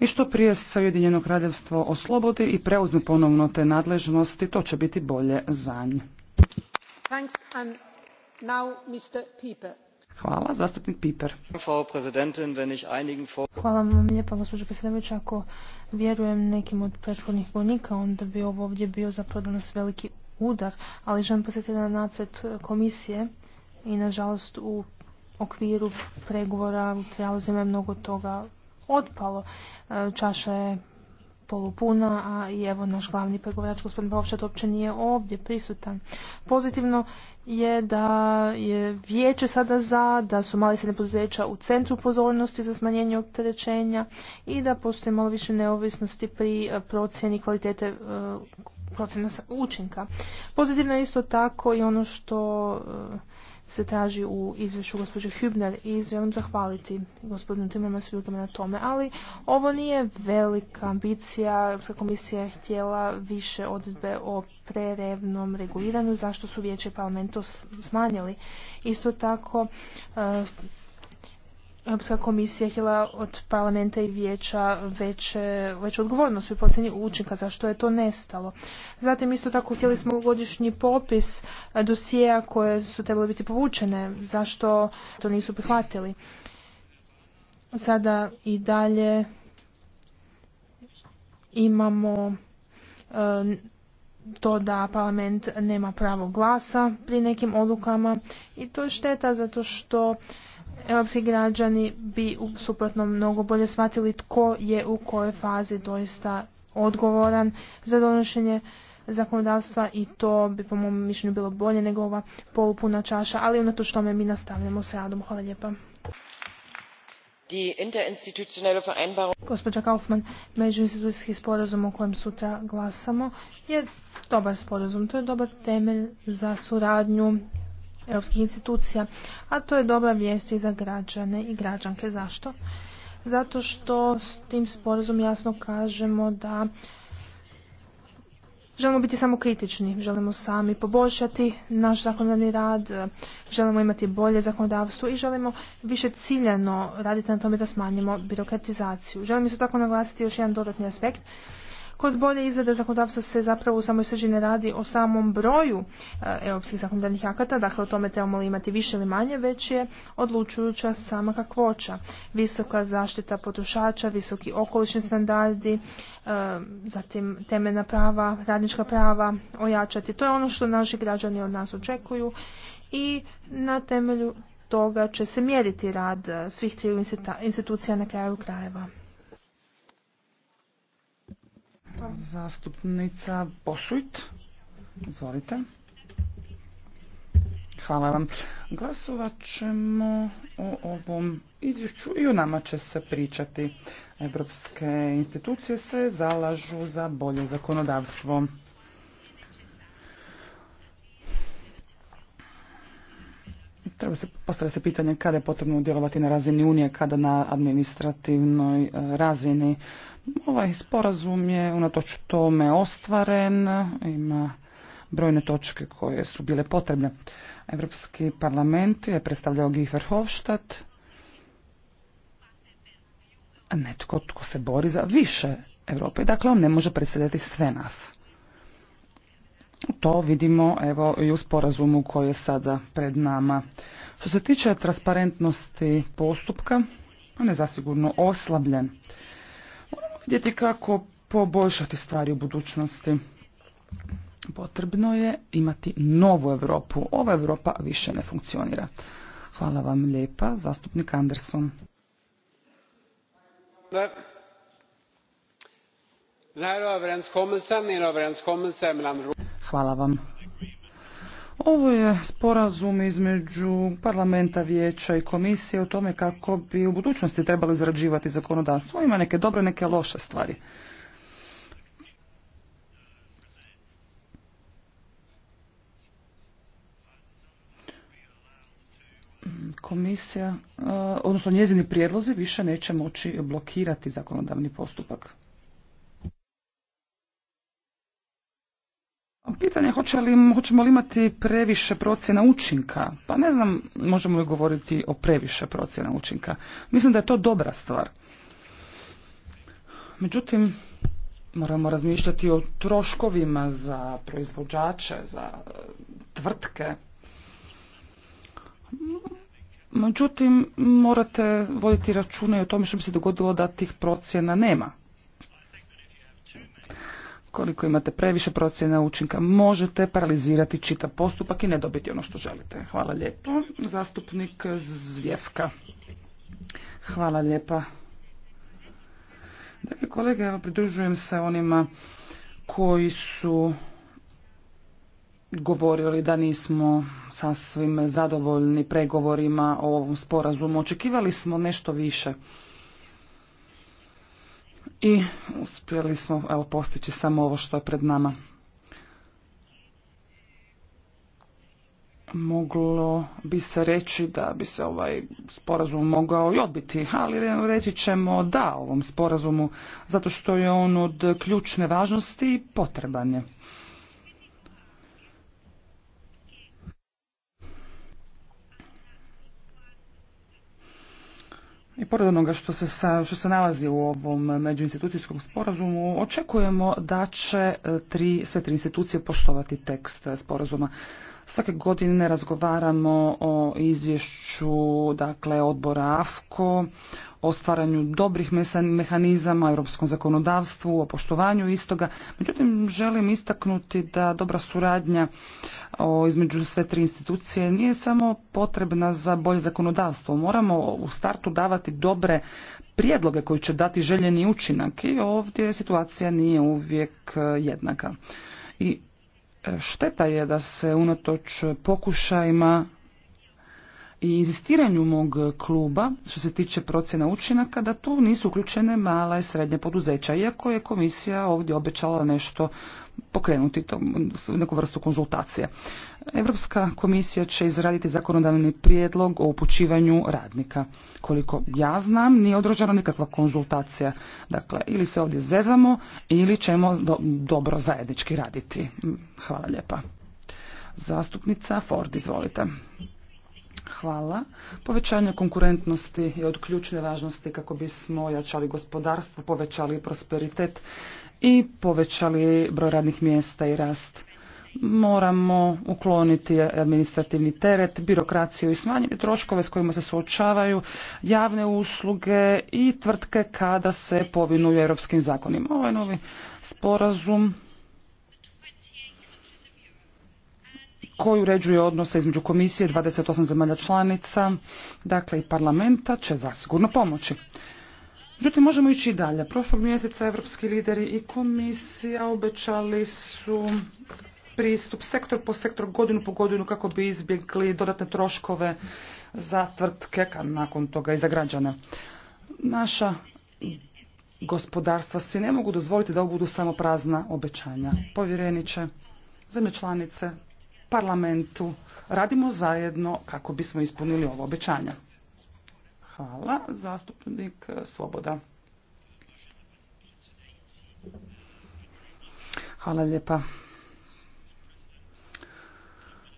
S4: i što prije se Ujedinjeno kraljevstvo oslobodi i preuzme ponovno te nadležnosti, to će biti bolje za nje. Hvala, zastupnik Piper.
S1: Hvala vam lijepa, gospođo predsjedavajuća. Ako vjerujem nekim od prethodnih govornika, onda bi ovo ovdje bio zapravo danas veliki udar, ali želim posjetiti na nacrt komisije i nažalost u okviru pregovora u mnogo toga otpalo. E, čaša je polupuna, a i evo naš glavni pregovarač gospodin Bavšat uopće nije ovdje prisutan. Pozitivno je da je vijeće sada za, da su mali srednje poduzeća u centru pozornosti za smanjenje opterećenja i da postoji malo više neovisnosti pri e, procjeni kvalitete e, procjena učinka. Pozitivno je isto tako i ono što se traži u izvješću gospođe Hübner i želim zahvaliti gospodinu Timmermansu ljudima na tome, ali ovo nije velika ambicija. Europska komisija je htjela više odredbe o prerevnom reguliranju, zašto su vijeće parlamento smanjili. Isto tako e, Europska komisija htjela od parlamenta i vijeća već veću odgovornost u procjeni učinka, zašto je to nestalo. Zatim isto tako htjeli smo godišnji popis e, dosijeja koje su trebale biti povučene, zašto to nisu prihvatili. Sada i dalje imamo e, to da parlament nema pravo glasa pri nekim odlukama i to je šteta zato što europski građani bi u suprotnom mnogo bolje shvatili tko je u kojoj fazi doista odgovoran za donošenje zakonodavstva i to bi po mom mišljenju bilo bolje nego ova polupuna čaša, ali unatoč tome mi nastavljamo s radom. Hvala lijepa. Vereinbarung... Gospođa međuinstitucijski sporazum o kojem sutra glasamo je dobar sporazum. To je dobar temelj za suradnju europskih institucija, a to je dobra vijest i za građane i građanke. Zašto? Zato što s tim sporazum jasno kažemo da Želimo biti samo kritični, želimo sami poboljšati naš zakonodavni rad, želimo imati bolje zakonodavstvo i želimo više ciljano raditi na tome da smanjimo birokratizaciju. Želim isto tako naglasiti još jedan dodatni aspekt, Kod bolje izrade zakonodavstva se zapravo u samoj srži ne radi o samom broju e, europskih zakonodavnih akata, dakle o tome trebamo li imati više ili manje, već je odlučujuća sama kakvoća. Visoka zaštita potrošača, visoki okolišni standardi, e, zatim temeljna prava, radnička prava ojačati. To je ono što naši građani od nas očekuju i na temelju toga će se mjeriti rad e, svih tri institucija na kraju krajeva.
S4: Zastupnica Pošujt, izvolite. Hvala vam. Glasovat ćemo o ovom izvješću i o nama će se pričati. Evropske institucije se zalažu za bolje zakonodavstvo. Treba se, postavlja se pitanje kada je potrebno djelovati na razini Unije, kada na administrativnoj eh, razini. Ovaj sporazum je unatoč tome ostvaren, ima brojne točke koje su bile potrebne. Evropski parlament je predstavljao Guy Verhofstadt, netko tko se bori za više Evrope. Dakle, on ne može predstavljati sve nas. To vidimo evo i u sporazumu koji je sada pred nama. Što se tiče transparentnosti postupka, on je zasigurno oslabljen vidjeti kako poboljšati stvari u budućnosti. Potrebno je imati novu Europu. Ova Europa više ne funkcionira. Hvala vam lijepa, zastupnik Anderson. Hvala vam. Ovo je sporazum između parlamenta, vijeća i komisije o tome kako bi u budućnosti trebalo izrađivati zakonodavstvo. Ima neke dobre, neke loše stvari. Komisija, e, odnosno njezini prijedlozi više neće moći blokirati zakonodavni postupak. Pitanje je hoćemo li imati previše procjena učinka. Pa ne znam, možemo li govoriti o previše procjena učinka. Mislim da je to dobra stvar. Međutim, moramo razmišljati o troškovima za proizvođače, za e, tvrtke. Međutim, morate voditi račune i o tome što bi se dogodilo da tih procjena nema koliko imate previše procjena učinka, možete paralizirati čitav postupak i ne dobiti ono što želite. Hvala lijepo. Zastupnik Zvijevka. Hvala lijepa. Dakle, kolege, pridružujem se onima koji su govorili da nismo sasvim zadovoljni pregovorima o ovom sporazumu. Očekivali smo nešto više i uspjeli smo evo, postići samo ovo što je pred nama. Moglo bi se reći da bi se ovaj sporazum mogao i odbiti, ali reći ćemo da ovom sporazumu, zato što je on od ključne važnosti i potreban je. I pored onoga što se, sa, što se nalazi u ovom međuinstitucijskom sporazumu, očekujemo da će e, tri, sve tri institucije poštovati tekst e, sporazuma. Svake godine razgovaramo o izvješću dakle, odbora AFKO, o stvaranju dobrih mehanizama, europskom zakonodavstvu, o poštovanju istoga. Međutim, želim istaknuti da dobra suradnja između sve tri institucije nije samo potrebna za bolje zakonodavstvo. Moramo u startu davati dobre prijedloge koji će dati željeni učinak i ovdje situacija nije uvijek e, jednaka. I Šteta je da se unatoč pokušajima i inzistiranju mog kluba što se tiče procjena učinaka da tu nisu uključene mala i srednja poduzeća, iako je komisija ovdje obećala nešto pokrenuti to, neku vrstu konzultacije. Evropska komisija će izraditi zakonodavni prijedlog o upućivanju radnika. Koliko ja znam, nije održana nikakva konzultacija. Dakle, ili se ovdje zezamo, ili ćemo dobro zajednički raditi. Hvala lijepa. Zastupnica Ford, izvolite. Hvala. Povećanje konkurentnosti je od ključne važnosti kako bismo ojačali gospodarstvo, povećali prosperitet i povećali broj radnih mjesta i rast. Moramo ukloniti administrativni teret, birokraciju i smanjiti troškove s kojima se suočavaju javne usluge i tvrtke kada se povinuju europskim zakonima. Ovaj novi sporazum koji uređuje odnose između komisije 28 zemalja članica, dakle i parlamenta, će zasigurno pomoći. Međutim, možemo ići i dalje. Prošlog mjeseca evropski lideri i komisija obećali su pristup sektor po sektor, godinu po godinu, kako bi izbjegli dodatne troškove za tvrtke, nakon toga i za građane. Naša gospodarstva si ne mogu dozvoliti da ovo budu samo prazna obećanja. povjereniće, zemlje članice parlamentu. Radimo zajedno kako bismo ispunili ovo obećanje. Hvala, zastupnik Svoboda. Hvala lijepa.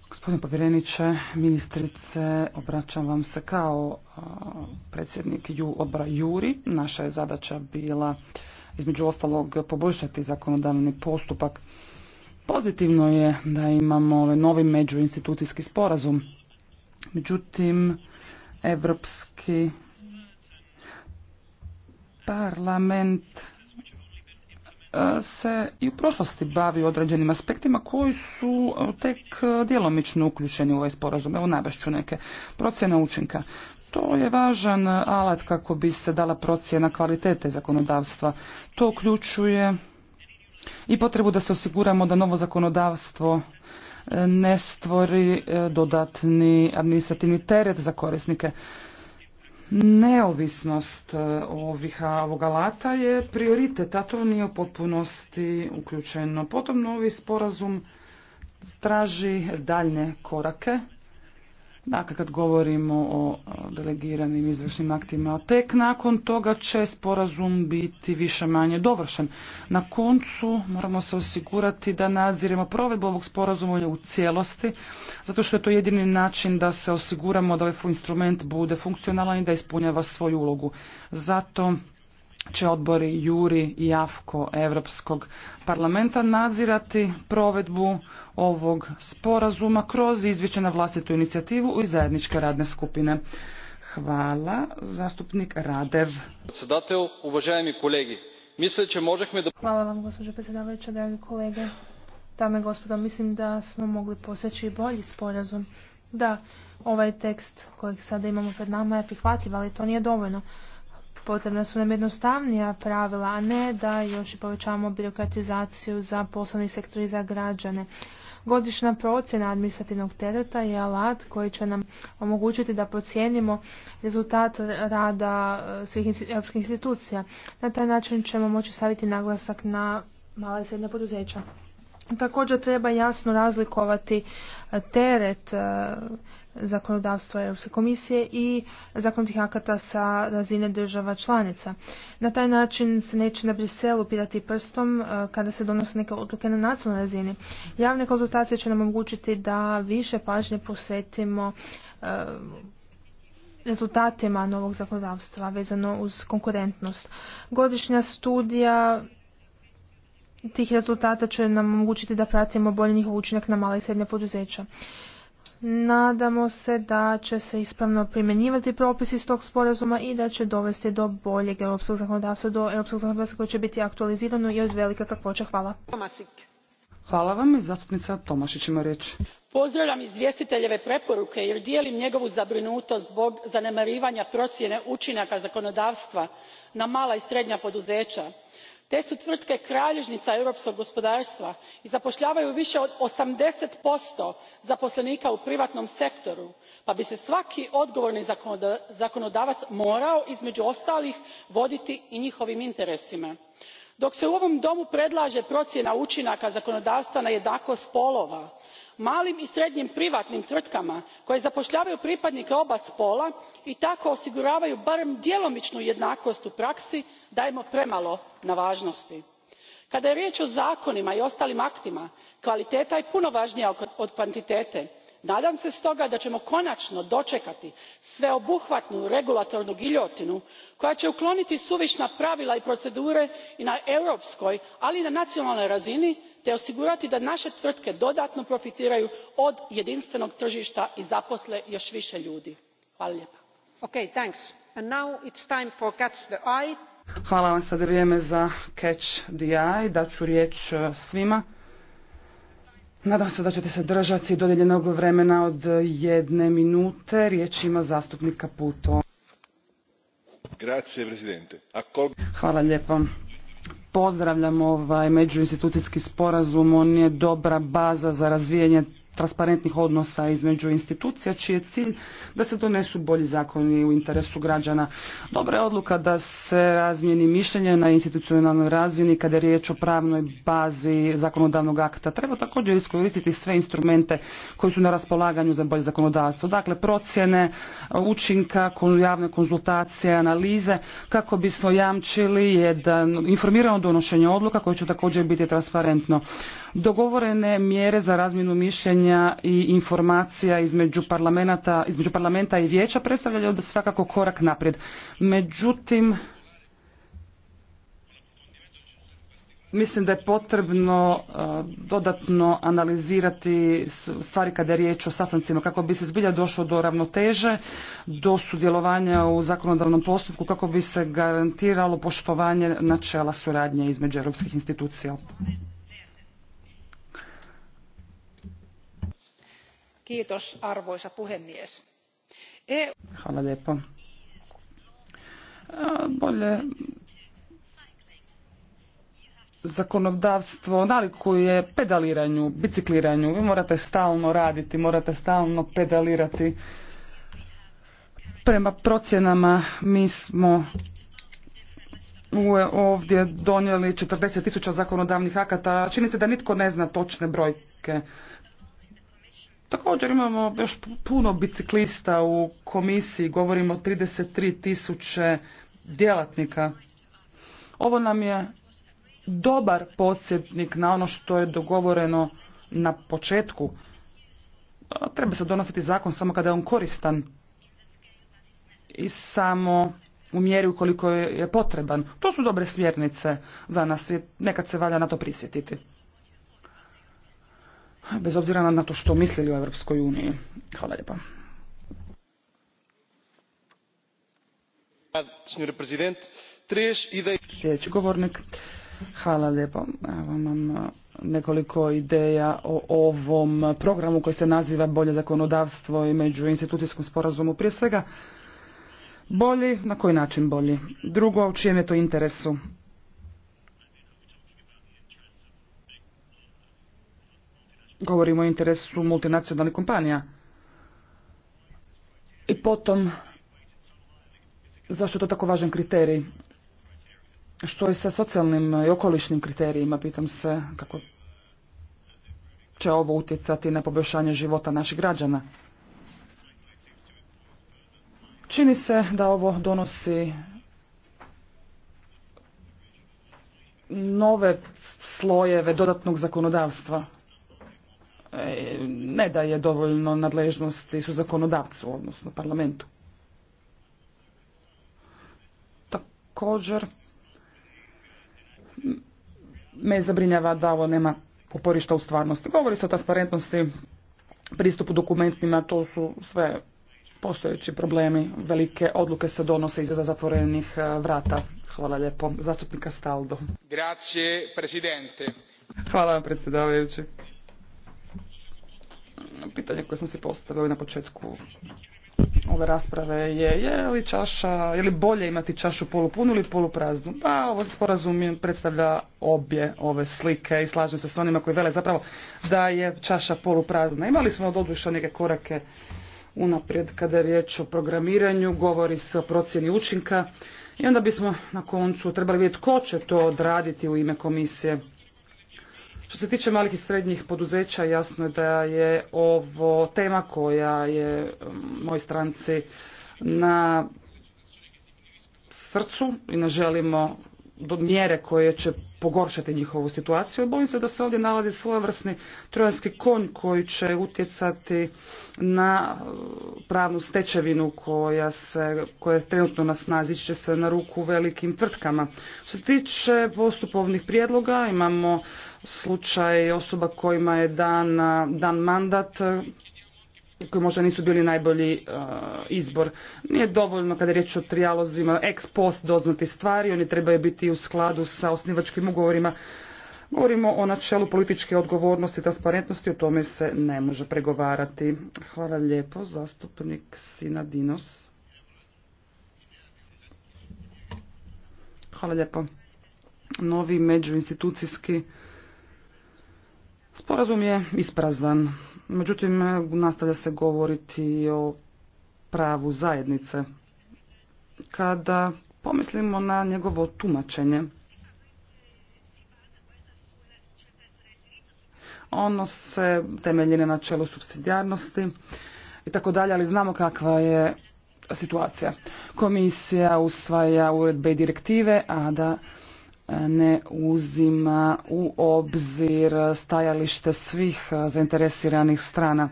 S4: Gospodine povjereniče, ministrice, obraćam vam se kao predsjednik odbora Juri. Naša je zadaća bila između ostalog poboljšati zakonodavni postupak Pozitivno je da imamo ovaj novi međuinstitucijski sporazum. Međutim, Evropski parlament e, se i u prošlosti bavi određenim aspektima koji su e, tek e, djelomično uključeni u ovaj sporazum. Evo navešću neke procjene učinka. To je važan alat kako bi se dala procjena kvalitete zakonodavstva. To uključuje i potrebu da se osiguramo da novo zakonodavstvo e, ne stvori e, dodatni administrativni teret za korisnike. Neovisnost e, ovih, ovog alata je prioritet, a to nije u potpunosti uključeno. Potom novi sporazum traži daljne korake Dakle, kad govorimo o delegiranim izvršnim aktima, tek nakon toga će sporazum biti više manje dovršen. Na koncu moramo se osigurati da nadziremo provedbu ovog sporazuma u cijelosti, zato što je to jedini način da se osiguramo da ovaj instrument bude funkcionalan i da ispunjava svoju ulogu. Zato će odbori Juri i Javko Europskog parlamenta nadzirati provedbu ovog sporazuma kroz izvješće na vlastitu inicijativu i zajedničke radne skupine. Hvala. Zastupnik Radev.
S1: Predsjedatel, uvaženi kolegi, će da... Hvala vam, gospođo predsjedavajuća, dragi kolege. Dame i gospodo, mislim da smo mogli posjeći i bolji sporazum. Da, ovaj tekst kojeg sada imamo pred nama je prihvatljiv, ali to nije dovoljno. Potrebna su nam jednostavnija pravila, a ne da još i povećavamo birokratizaciju za poslovni sektor i za građane. Godišnja procjena administrativnog tereta je alat koji će nam omogućiti da procijenimo rezultat rada e, svih institucija. Na taj način ćemo moći staviti naglasak na mala i srednja poduzeća. Također treba jasno razlikovati e, teret e, zakonodavstva Europske komisije i zakonitih akata sa razine država članica. Na taj način se neće na Briselu pirati prstom e, kada se donose neke odluke na nacionalnoj razini. Javne konzultacije će nam omogućiti da više pažnje posvetimo rezultatima novog zakonodavstva vezano uz konkurentnost. Godišnja studija tih rezultata će nam omogućiti da pratimo bolji njihov učinak na mala i srednja poduzeća. Nadamo se da će se ispravno primjenjivati propisi iz tog sporazuma i da će dovesti do boljeg europskog zakonodavstva, do europskog zakonodavstva koje će biti aktualizirano i od velika kakvoća. Hvala.
S4: Hvala vam i zastupnica Tomašić ima reč.
S3: Pozdravljam izvjestiteljeve preporuke jer dijelim njegovu zabrinutost zbog zanemarivanja procjene učinaka zakonodavstva na mala i srednja poduzeća te su tvrtke kralježnica europskog gospodarstva i zapošljavaju više od osamdeset zaposlenika u privatnom sektoru pa bi se svaki odgovorni zakonodavac morao između ostalih voditi i njihovim interesima dok se u ovom domu predlaže procjena učinaka zakonodavstva na jednakost spolova malim i srednjim privatnim tvrtkama koje zapošljavaju pripadnike oba spola i tako osiguravaju barem djelomičnu jednakost u praksi dajemo premalo na važnosti. kada je riječ o zakonima i ostalim aktima kvaliteta je puno važnija od kvantitete nadam se stoga da ćemo konačno dočekati sveobuhvatnu regulatornu giljotinu koja će ukloniti suvišna pravila i procedure i na europskoj ali i na nacionalnoj razini te osigurati da naše tvrtke dodatno profitiraju od jedinstvenog tržišta i zaposle još više ljudi. hvala
S4: za eh, svima Nadam se da ćete se držati dodijeljenog vremena od jedne minute. Riječ ima zastupnika Puto.
S3: Grazie, presidente.
S4: Hvala lijepo. Pozdravljam ovaj međuinstitucijski sporazum. On je dobra baza za razvijanje transparentnih odnosa između institucija čiji je cilj da se donesu bolji zakoni u interesu građana. Dobra je odluka da se razmijeni mišljenje na institucionalnoj razini kada je riječ o pravnoj bazi zakonodavnog akta. Treba također iskoristiti sve instrumente koji su na raspolaganju za bolje zakonodavstvo. Dakle, procjene, učinka, javne konzultacije, analize kako bismo jamčili jedan informirano donošenje odluka koje će također biti transparentno. Dogovorene mjere za razmjenu mišljenja i informacija između, između parlamenta i vijeća predstavljaju da svakako korak naprijed. Međutim, mislim da je potrebno e, dodatno analizirati stvari kada je riječ o sastancima kako bi se zbilja došlo do ravnoteže, do sudjelovanja u zakonodavnom postupku kako bi se garantiralo poštovanje načela suradnje između europskih institucija.
S3: arvoisa puhemies.
S4: E- Hvala lijepo. E, bolje zakonodavstvo nalikuje pedaliranju, bicikliranju. Vi morate stalno raditi, morate stalno pedalirati. Prema procjenama mi smo ovdje donijeli 40 tisuća zakonodavnih akata. Čini se da nitko ne zna točne brojke. Također imamo još puno biciklista u komisiji, govorimo o 33 tisuće djelatnika. Ovo nam je dobar podsjetnik na ono što je dogovoreno na početku. Treba se donositi zakon samo kada je on koristan i samo u mjeri ukoliko je potreban. To su dobre smjernice za nas i nekad se valja na to prisjetiti bez obzira na to što mislili o Europskoj uniji. Hvala lijepa. Sljedeći govornik. Hvala lijepo. Evo imam e, nekoliko ideja o ovom programu koji se naziva Bolje zakonodavstvo i institucijskom sporazumu. Prije svega, bolji, na koji način bolji? Drugo, u čijem je to interesu? Govorimo o interesu multinacionalnih kompanija. I potom, zašto je to tako važan kriterij? Što je sa socijalnim i okolišnim kriterijima? Pitam se kako će ovo utjecati na poboljšanje života naših građana. Čini se da ovo donosi nove slojeve dodatnog zakonodavstva. E, ne daje dovoljno nadležnosti su zakonodavcu, odnosno parlamentu. Također me zabrinjava da ovo nema uporišta u stvarnosti. Govori se o transparentnosti, pristupu dokumentima, to su sve postojeći problemi. Velike odluke se donose iza zatvorenih e, vrata. Hvala lijepo. Zastupnika Staldo. Hvala vam, predsjedavajući pitanje koje smo si postavili na početku ove rasprave je je li čaša, je li bolje imati čašu polupunu ili polupraznu? Pa ovo sporazum predstavlja obje ove slike i slažem se s onima koji vele zapravo da je čaša poluprazna. Imali smo doduše neke korake unaprijed kada je riječ o programiranju, govori se o procjeni učinka i onda bismo na koncu trebali vidjeti ko će to odraditi u ime komisije. Što se tiče malih i srednjih poduzeća, jasno je da je ovo tema koja je um, moj stranci na srcu i ne želimo mjere koje će pogoršati njihovu situaciju bojim se da se ovdje nalazi svojevrsni trojanski konj koji će utjecati na e, pravnu stečevinu koja, se, koja je trenutno na snazi će se na ruku velikim tvrtkama. Što se tiče postupovnih prijedloga imamo slučaj osoba kojima je dan, dan mandat koji možda nisu bili najbolji e, izbor. Nije dovoljno kada je riječ o trijalozima ex post doznati stvari, oni trebaju biti u skladu sa osnivačkim ugovorima. Govorimo o načelu političke odgovornosti i transparentnosti, o tome se ne može pregovarati. Hvala lijepo, zastupnik Sina Dinos. Hvala lijepo. Novi međuinstitucijski sporazum je isprazan. Međutim, e, nastavlja se govoriti o pravu zajednice. Kada pomislimo na njegovo tumačenje, ono se temelji na načelu subsidijarnosti i tako dalje, ali znamo kakva je situacija. Komisija usvaja uredbe i direktive, a da ne uzima u obzir stajalište svih zainteresiranih strana.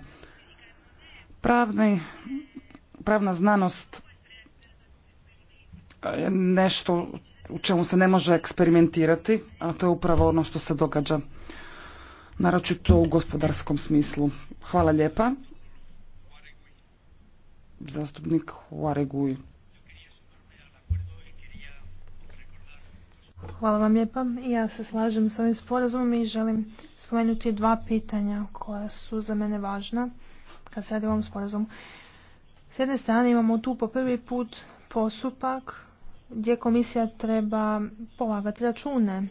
S4: Pravni, pravna znanost je nešto u čemu se ne može eksperimentirati, a to je upravo ono što se događa, naročito u gospodarskom smislu. Hvala lijepa. Zastupnik Huareguj.
S1: Hvala vam lijepa. Ja se slažem s ovim sporazumom i želim spomenuti dva pitanja koja su za mene važna kad se radi ovom sporazumu. S jedne strane imamo tu po prvi put postupak gdje komisija treba polagati račune,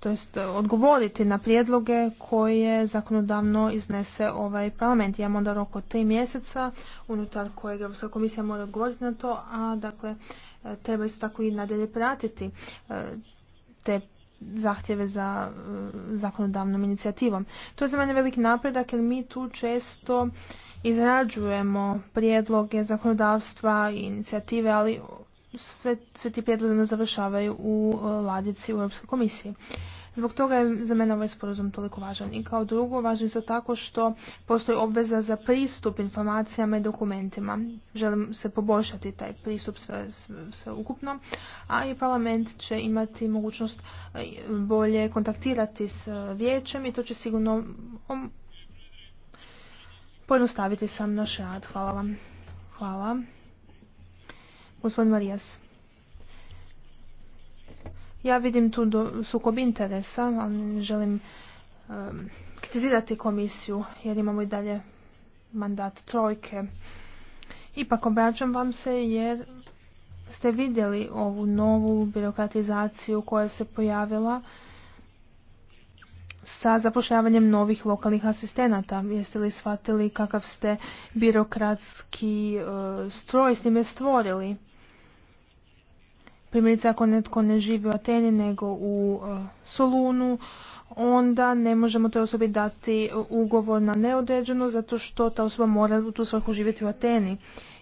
S1: to jest odgovoriti na prijedloge koje zakonodavno iznese ovaj parlament. Imamo onda rok od tri mjeseca unutar kojeg Europska komisija mora odgovoriti na to, a dakle E, treba isto tako i nadalje pratiti e, te zahtjeve za e, zakonodavnom inicijativom. To je za mene veliki napredak jer mi tu često izrađujemo prijedloge zakonodavstva i inicijative, ali sve, ti prijedlozi ne završavaju u ladici u Europskoj komisiji. Zbog toga je za mene ovaj sporazum toliko važan. I kao drugo, važno je tako što postoji obveza za pristup informacijama i dokumentima. Želim se poboljšati taj pristup sve, ukupno, a i parlament će imati mogućnost e, bolje kontaktirati s e, vijećem i to će sigurno pojednostaviti sam naš rad. Hvala vam. Hvala. Gospodin Marijas. Ja vidim tu sukob interesa, ali želim kritizirati komisiju jer imamo i dalje mandat trojke. Ipak obraćam vam se jer ste vidjeli ovu novu birokratizaciju koja se pojavila sa zapošljavanjem novih lokalnih asistenata. Jeste li shvatili kakav ste birokratski stroj s njime stvorili? primjerice ako netko ne živi u Ateni nego u e, Solunu, onda ne možemo toj osobi dati e, ugovor na neodređeno zato što ta osoba mora u tu svrhu živjeti u Ateni.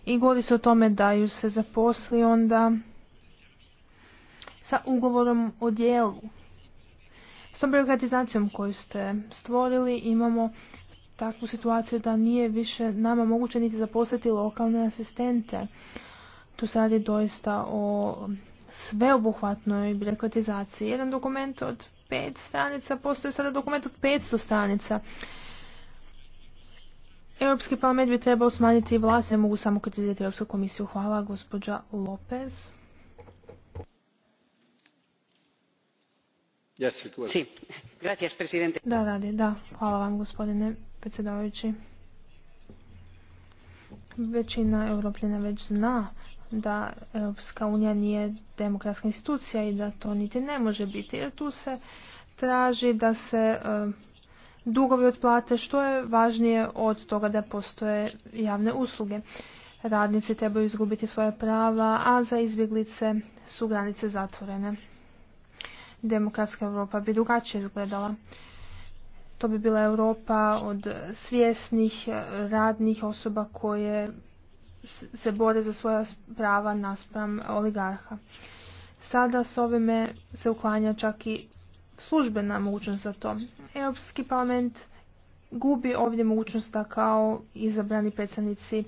S1: I govori se o tome da ju se zaposli onda sa ugovorom o dijelu. S tom birokratizacijom koju ste stvorili imamo takvu situaciju da nije više nama moguće niti zaposliti lokalne asistente. Tu se radi doista o sveobuhvatnoj birokratizaciji. Jedan dokument od pet stranica postoji sada dokument od 500 stranica. Europski parlament bi trebao smanjiti vlast, ne mogu samo kritizirati Europsku komisiju. Hvala, gospođa Lopez. Da, da, da. Hvala vam, gospodine predsjedavajući. Većina Europljena već zna da Europska unija nije demokratska institucija i da to niti ne može biti, jer tu se traži da se e, dugovi otplate što je važnije od toga da postoje javne usluge. Radnici trebaju izgubiti svoje prava, a za izbjeglice su granice zatvorene. Demokratska Europa bi drugačije izgledala. To bi bila Europa od svjesnih e, radnih osoba koje se bore za svoja prava naspram oligarha. Sada s ovime se uklanja čak i službena mogućnost za to. Europski parlament gubi ovdje mogućnost da kao izabrani predstavnici e,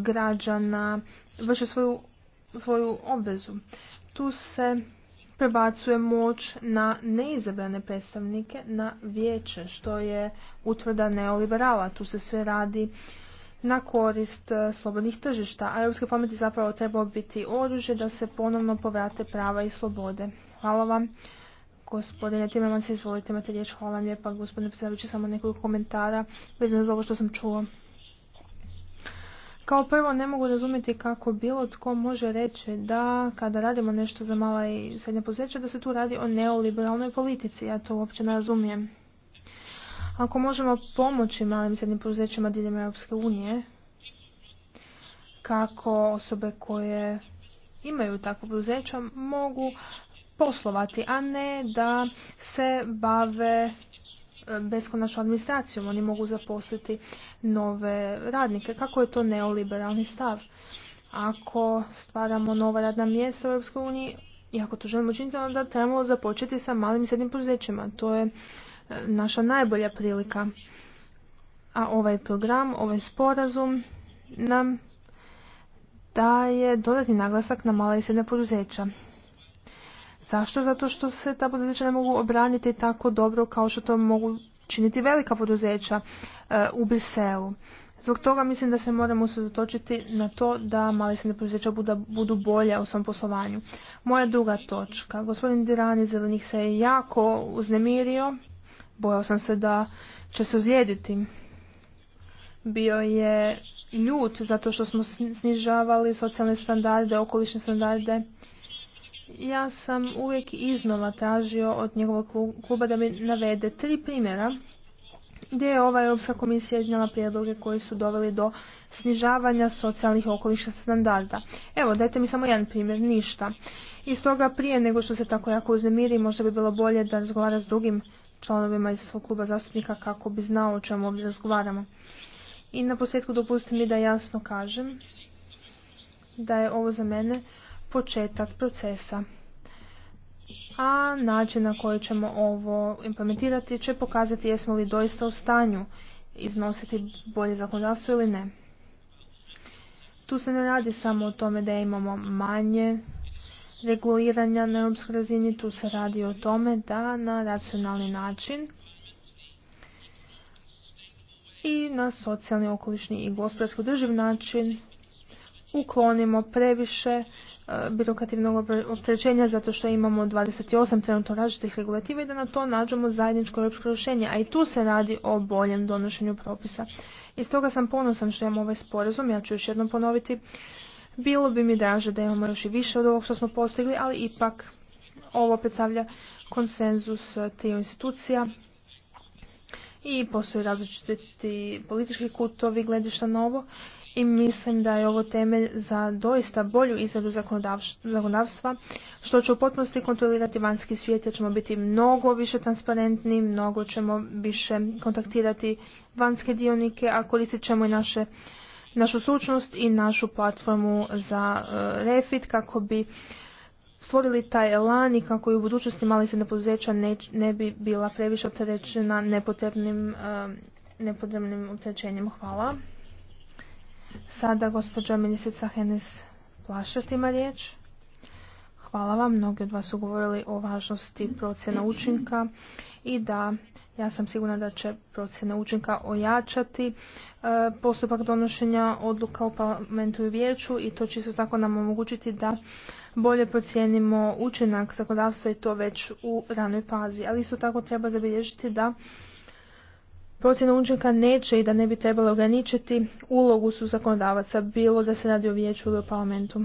S1: građana vrše svoju, svoju obvezu. Tu se prebacuje moć na neizabrane predstavnike, na vijeće, što je utvrda neoliberala. Tu se sve radi na korist e, slobodnih tržišta, a Europski pamet zapravo trebao biti oružje da se ponovno povrate prava i slobode. Hvala vam. Gospodine Timerman, se izvolite, imate riječ. Hvala vam lijepa, gospodine predsjedavajući, samo nekoliko komentara vezano za ovo što sam čuo. Kao prvo ne mogu razumjeti kako bilo tko može reći da kada radimo nešto za mala i srednja poduzeća da se tu radi o neoliberalnoj politici. Ja to uopće ne razumijem. Ako možemo pomoći malim i srednjim poduzećima diljem Europske unije, kako osobe koje imaju takvo poduzeća mogu poslovati, a ne da se bave e, beskonačnom administracijom. Oni mogu zaposliti nove radnike. Kako je to neoliberalni stav? Ako stvaramo nova radna mjesta u EU i ako to želimo učiniti, onda trebamo započeti sa malim i srednjim poduzećima. To je naša najbolja prilika. A ovaj program, ovaj sporazum nam daje dodatni naglasak na mala i srednja poduzeća. Zašto? Zato što se ta poduzeća ne mogu obraniti tako dobro kao što to mogu činiti velika poduzeća e, u Briselu. Zbog toga mislim da se moramo usredotočiti na to da male se poduzeća budu, budu bolja u svom poslovanju. Moja druga točka. Gospodin Dirani Zelenih se je jako uznemirio bojao sam se da će se ozlijediti. Bio je ljut zato što smo snižavali socijalne standarde, okolišne standarde. Ja sam uvijek iznova tražio od njegovog kluba da mi navede tri primjera gdje je ova Europska komisija iznijela prijedloge koji su doveli do snižavanja socijalnih okoliša standarda. Evo, dajte mi samo jedan primjer, ništa. I stoga prije nego što se tako jako uznemiri, možda bi bilo bolje da razgovara s drugim članovima iz svog kluba zastupnika kako bi znao o čemu ovdje razgovaramo. I na posljedku dopustite mi da jasno kažem da je ovo za mene početak procesa. A način na koji ćemo ovo implementirati će pokazati jesmo li doista u stanju iznositi bolje zakonodavstvo ili ne. Tu se ne radi samo o tome da imamo manje reguliranja na europskoj razini. Tu se radi o tome da na racionalni način i na socijalni, okolišni i gospodarski održiv način uklonimo previše e, birokrativnog opterećenja zato što imamo 28 trenutno različitih regulativa i da na to nađemo zajedničko europsko rješenje, a i tu se radi o boljem donošenju propisa. I stoga sam ponosan što imamo ovaj sporazum, ja ću još jednom ponoviti, bilo bi mi draže da imamo još i više od ovog što smo postigli, ali ipak ovo predstavlja konsenzus triju institucija i postoji različiti politički kutovi, gledišta na ovo i mislim da je ovo temelj za doista bolju izradu zakonodavstva, što će u potpunosti kontrolirati vanjski svijet, jer ćemo biti mnogo više transparentni, mnogo ćemo više kontaktirati vanjske dionike, a koristit ćemo i naše našu stručnost i našu platformu za e, refit kako bi stvorili taj elan i kako i u budućnosti mali se poduzeća ne, bi bila previše opterećena nepotrebnim, e, nepotrebnim Hvala. Sada gospođa ministrica Henes Plašert ima riječ. Hvala vam, mnogi od vas su govorili o važnosti procjena učinka i da ja sam sigurna da će procjena učinka ojačati e, postupak donošenja odluka u parlamentu i vijeću i to će isto tako nam omogućiti da bolje procijenimo učinak zakonodavstva i to već u ranoj fazi. Ali isto tako treba zabilježiti da Procjena učinka neće i da ne bi trebalo ograničiti ulogu su zakonodavaca, bilo da se radi o vijeću ili o parlamentu.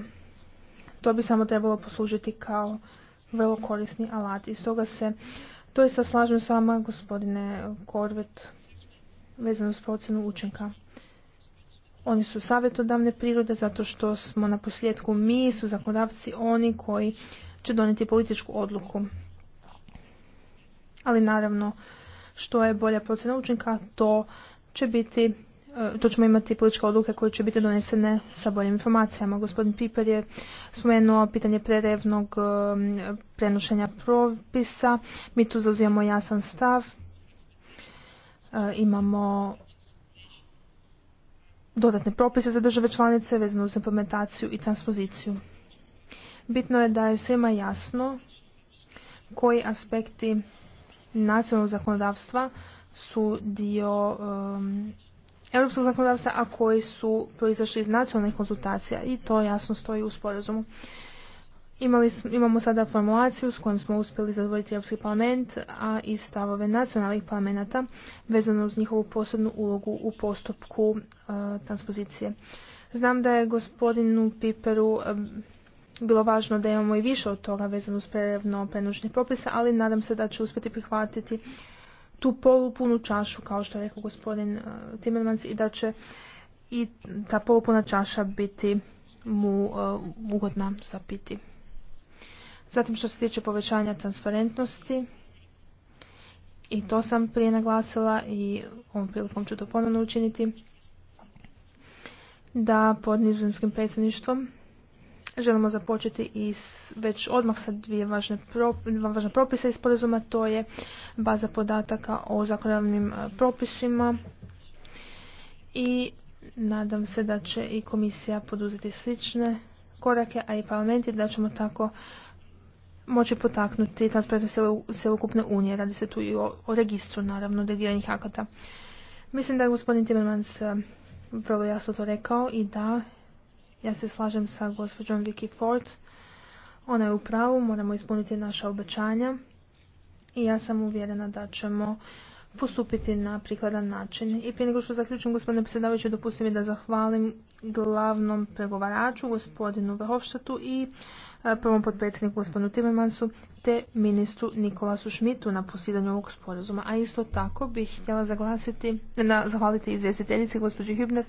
S1: To bi samo trebalo poslužiti kao vrlo korisni alat. I stoga se Doista slažem s vama, gospodine Korvet, vezano s procjenu učenka. Oni su savjetodavne prirode zato što smo na posljedku mi su zakonodavci oni koji će doneti političku odluku. Ali naravno, što je bolja procjena učenka, to će biti E, tu ćemo imati političke odluke koje će biti donesene sa boljim informacijama. Gospodin Piper je spomenuo pitanje prerevnog e, prenošenja propisa. Mi tu zauzimamo jasan stav. E, imamo dodatne propise za države članice vezano uz implementaciju i transpoziciju. Bitno je da je svima jasno koji aspekti nacionalnog zakonodavstva su dio europskog zakonodavstva, a koji su proizašli iz nacionalnih konzultacija i to jasno stoji u sporazumu. Imali, imamo sada formulaciju s kojom smo uspjeli zadovoljiti Europski parlament, a i stavove nacionalnih parlamenta vezano uz njihovu posebnu ulogu u postupku e, transpozicije. Znam da je gospodinu Piperu bilo važno da imamo i više od toga vezano uz prerevno propisa, ali nadam se da će uspjeti prihvatiti tu polupunu čašu, kao što je rekao gospodin uh, Timmermans, i da će i ta polupuna čaša biti mu uh, ugodna za piti. Zatim što se tiče povećanja transparentnosti, i to sam prije naglasila i ovom prilikom ću to ponovno učiniti, da pod nizozemskim predsjedništvom Želimo započeti i već odmah sa dvije važne, pro, važne propise iz sporazuma, to je baza podataka o zakonodavnim e, propisima i nadam se da će i komisija poduzeti slične korake, a i parlamenti da ćemo tako moći potaknuti transparentnost cjelokupne unije. Radi se tu i o, registru, naravno, delegiranih akata. Mislim da je gospodin Timmermans e, vrlo jasno to rekao i da ja se slažem sa gospođom Vicky Ford. Ona je u pravu, moramo ispuniti naša obećanja i ja sam uvjerena da ćemo postupiti na prikladan način. I prije nego što zaključim, gospodine predsjedavajući, dopustim mi da zahvalim glavnom pregovaraču, gospodinu Verhofštatu i e, prvom potpredsjedniku gospodinu Timmermansu te ministru Nikolasu Šmitu na posjedanju ovog sporazuma. A isto tako bih htjela zaglasiti, na, zahvaliti izvjestiteljici gospođi Hübner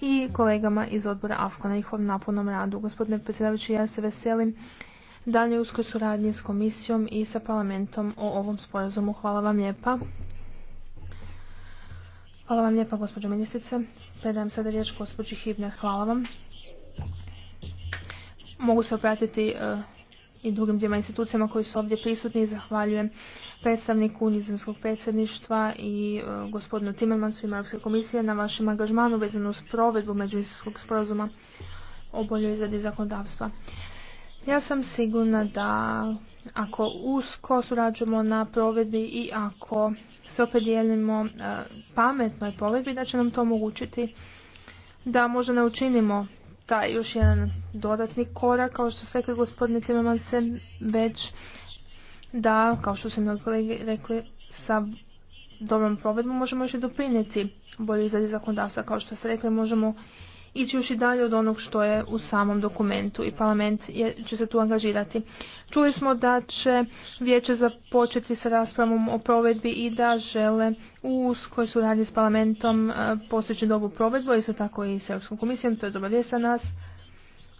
S1: i kolegama iz odbora AFKO na njihovom napunom radu. Gospodine predsjedavajući, ja se veselim dalje uskoj suradnji s komisijom i sa parlamentom o ovom sporazumu. Hvala vam lijepa. Hvala vam lijepa, gospođo ministrice. Predajem sada riječ gospođi Hibner. Hvala vam. Mogu se obratiti eh, i drugim dvijema institucijama koji su ovdje prisutni zahvaljujem predstavniku nizozemskog predsjedništva i e, gospodinu Timmermansu i Europske komisije na vašem angažmanu vezanu s provedbu međuinstitucijskog sporazuma o boljoj izradi zakonodavstva. Ja sam sigurna da ako usko surađujemo na provedbi i ako se opet dijelimo e, pametnoj provedbi, da će nam to omogućiti da možda ne učinimo taj još jedan dodatni korak, kao što ste rekli gospodine Timmermanse, već da, kao što su mnogi kolegi rekli, sa dobrom provedbom možemo još i doprinijeti bolje izradi zakonodavstva. Kao što ste rekli, možemo ići još i dalje od onog što je u samom dokumentu i parlament će se tu angažirati. Čuli smo da će vijeće započeti sa raspravom o provedbi i da žele u uskoj suradnji s parlamentom e, postići dobu provedbu, isto tako i s Europskom komisijom, to je dobro vijest za nas.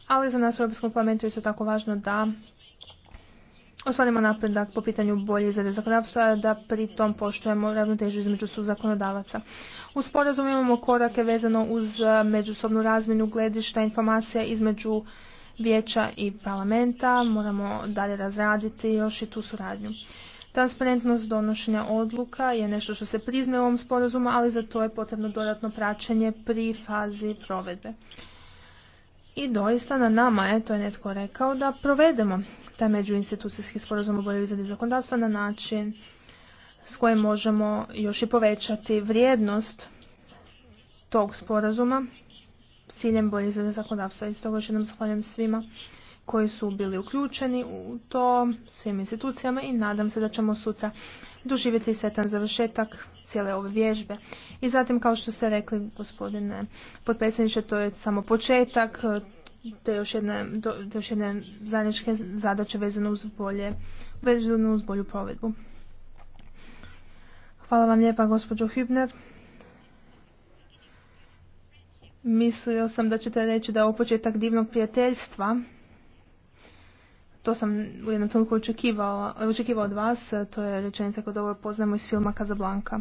S1: Ali za nas u Europskom parlamentu je isto tako važno da osvarimo napredak po pitanju bolje izrede zakonodavstva, da pri tom poštujemo ravnotežu između su zakonodavaca. U sporazumu imamo korake vezano uz e, međusobnu razmjenu gledišta informacija između vijeća i parlamenta. Moramo dalje razraditi još i tu suradnju. Transparentnost donošenja odluka je nešto što se priznaje u ovom sporazumu, ali za to je potrebno dodatno praćenje pri fazi provedbe. I doista na nama je, to je netko rekao, da provedemo taj međuinstitucijski sporazum o boljoj izradi zakonodavstva na način s kojim možemo još i povećati vrijednost tog sporazuma s ciljem bolje izrade zakonodavstva. I stoga još jednom zahvaljujem svima koji su bili uključeni u to svim institucijama i nadam se da ćemo sutra doživjeti setan završetak cijele ove vježbe. I zatim, kao što ste rekli, gospodine potpredsjedniče, to je samo početak, te još jedne, te još jedne zajedničke zadaće vezano uz, bolje, vezano uz bolju provedbu. Hvala vam lijepa gospođo Hübner. Mislio sam da ćete reći da je ovo početak divnog prijateljstva. To sam u jednom trenutku očekivao od vas. To je rečenica koju dobro poznamo iz filma Casablanca.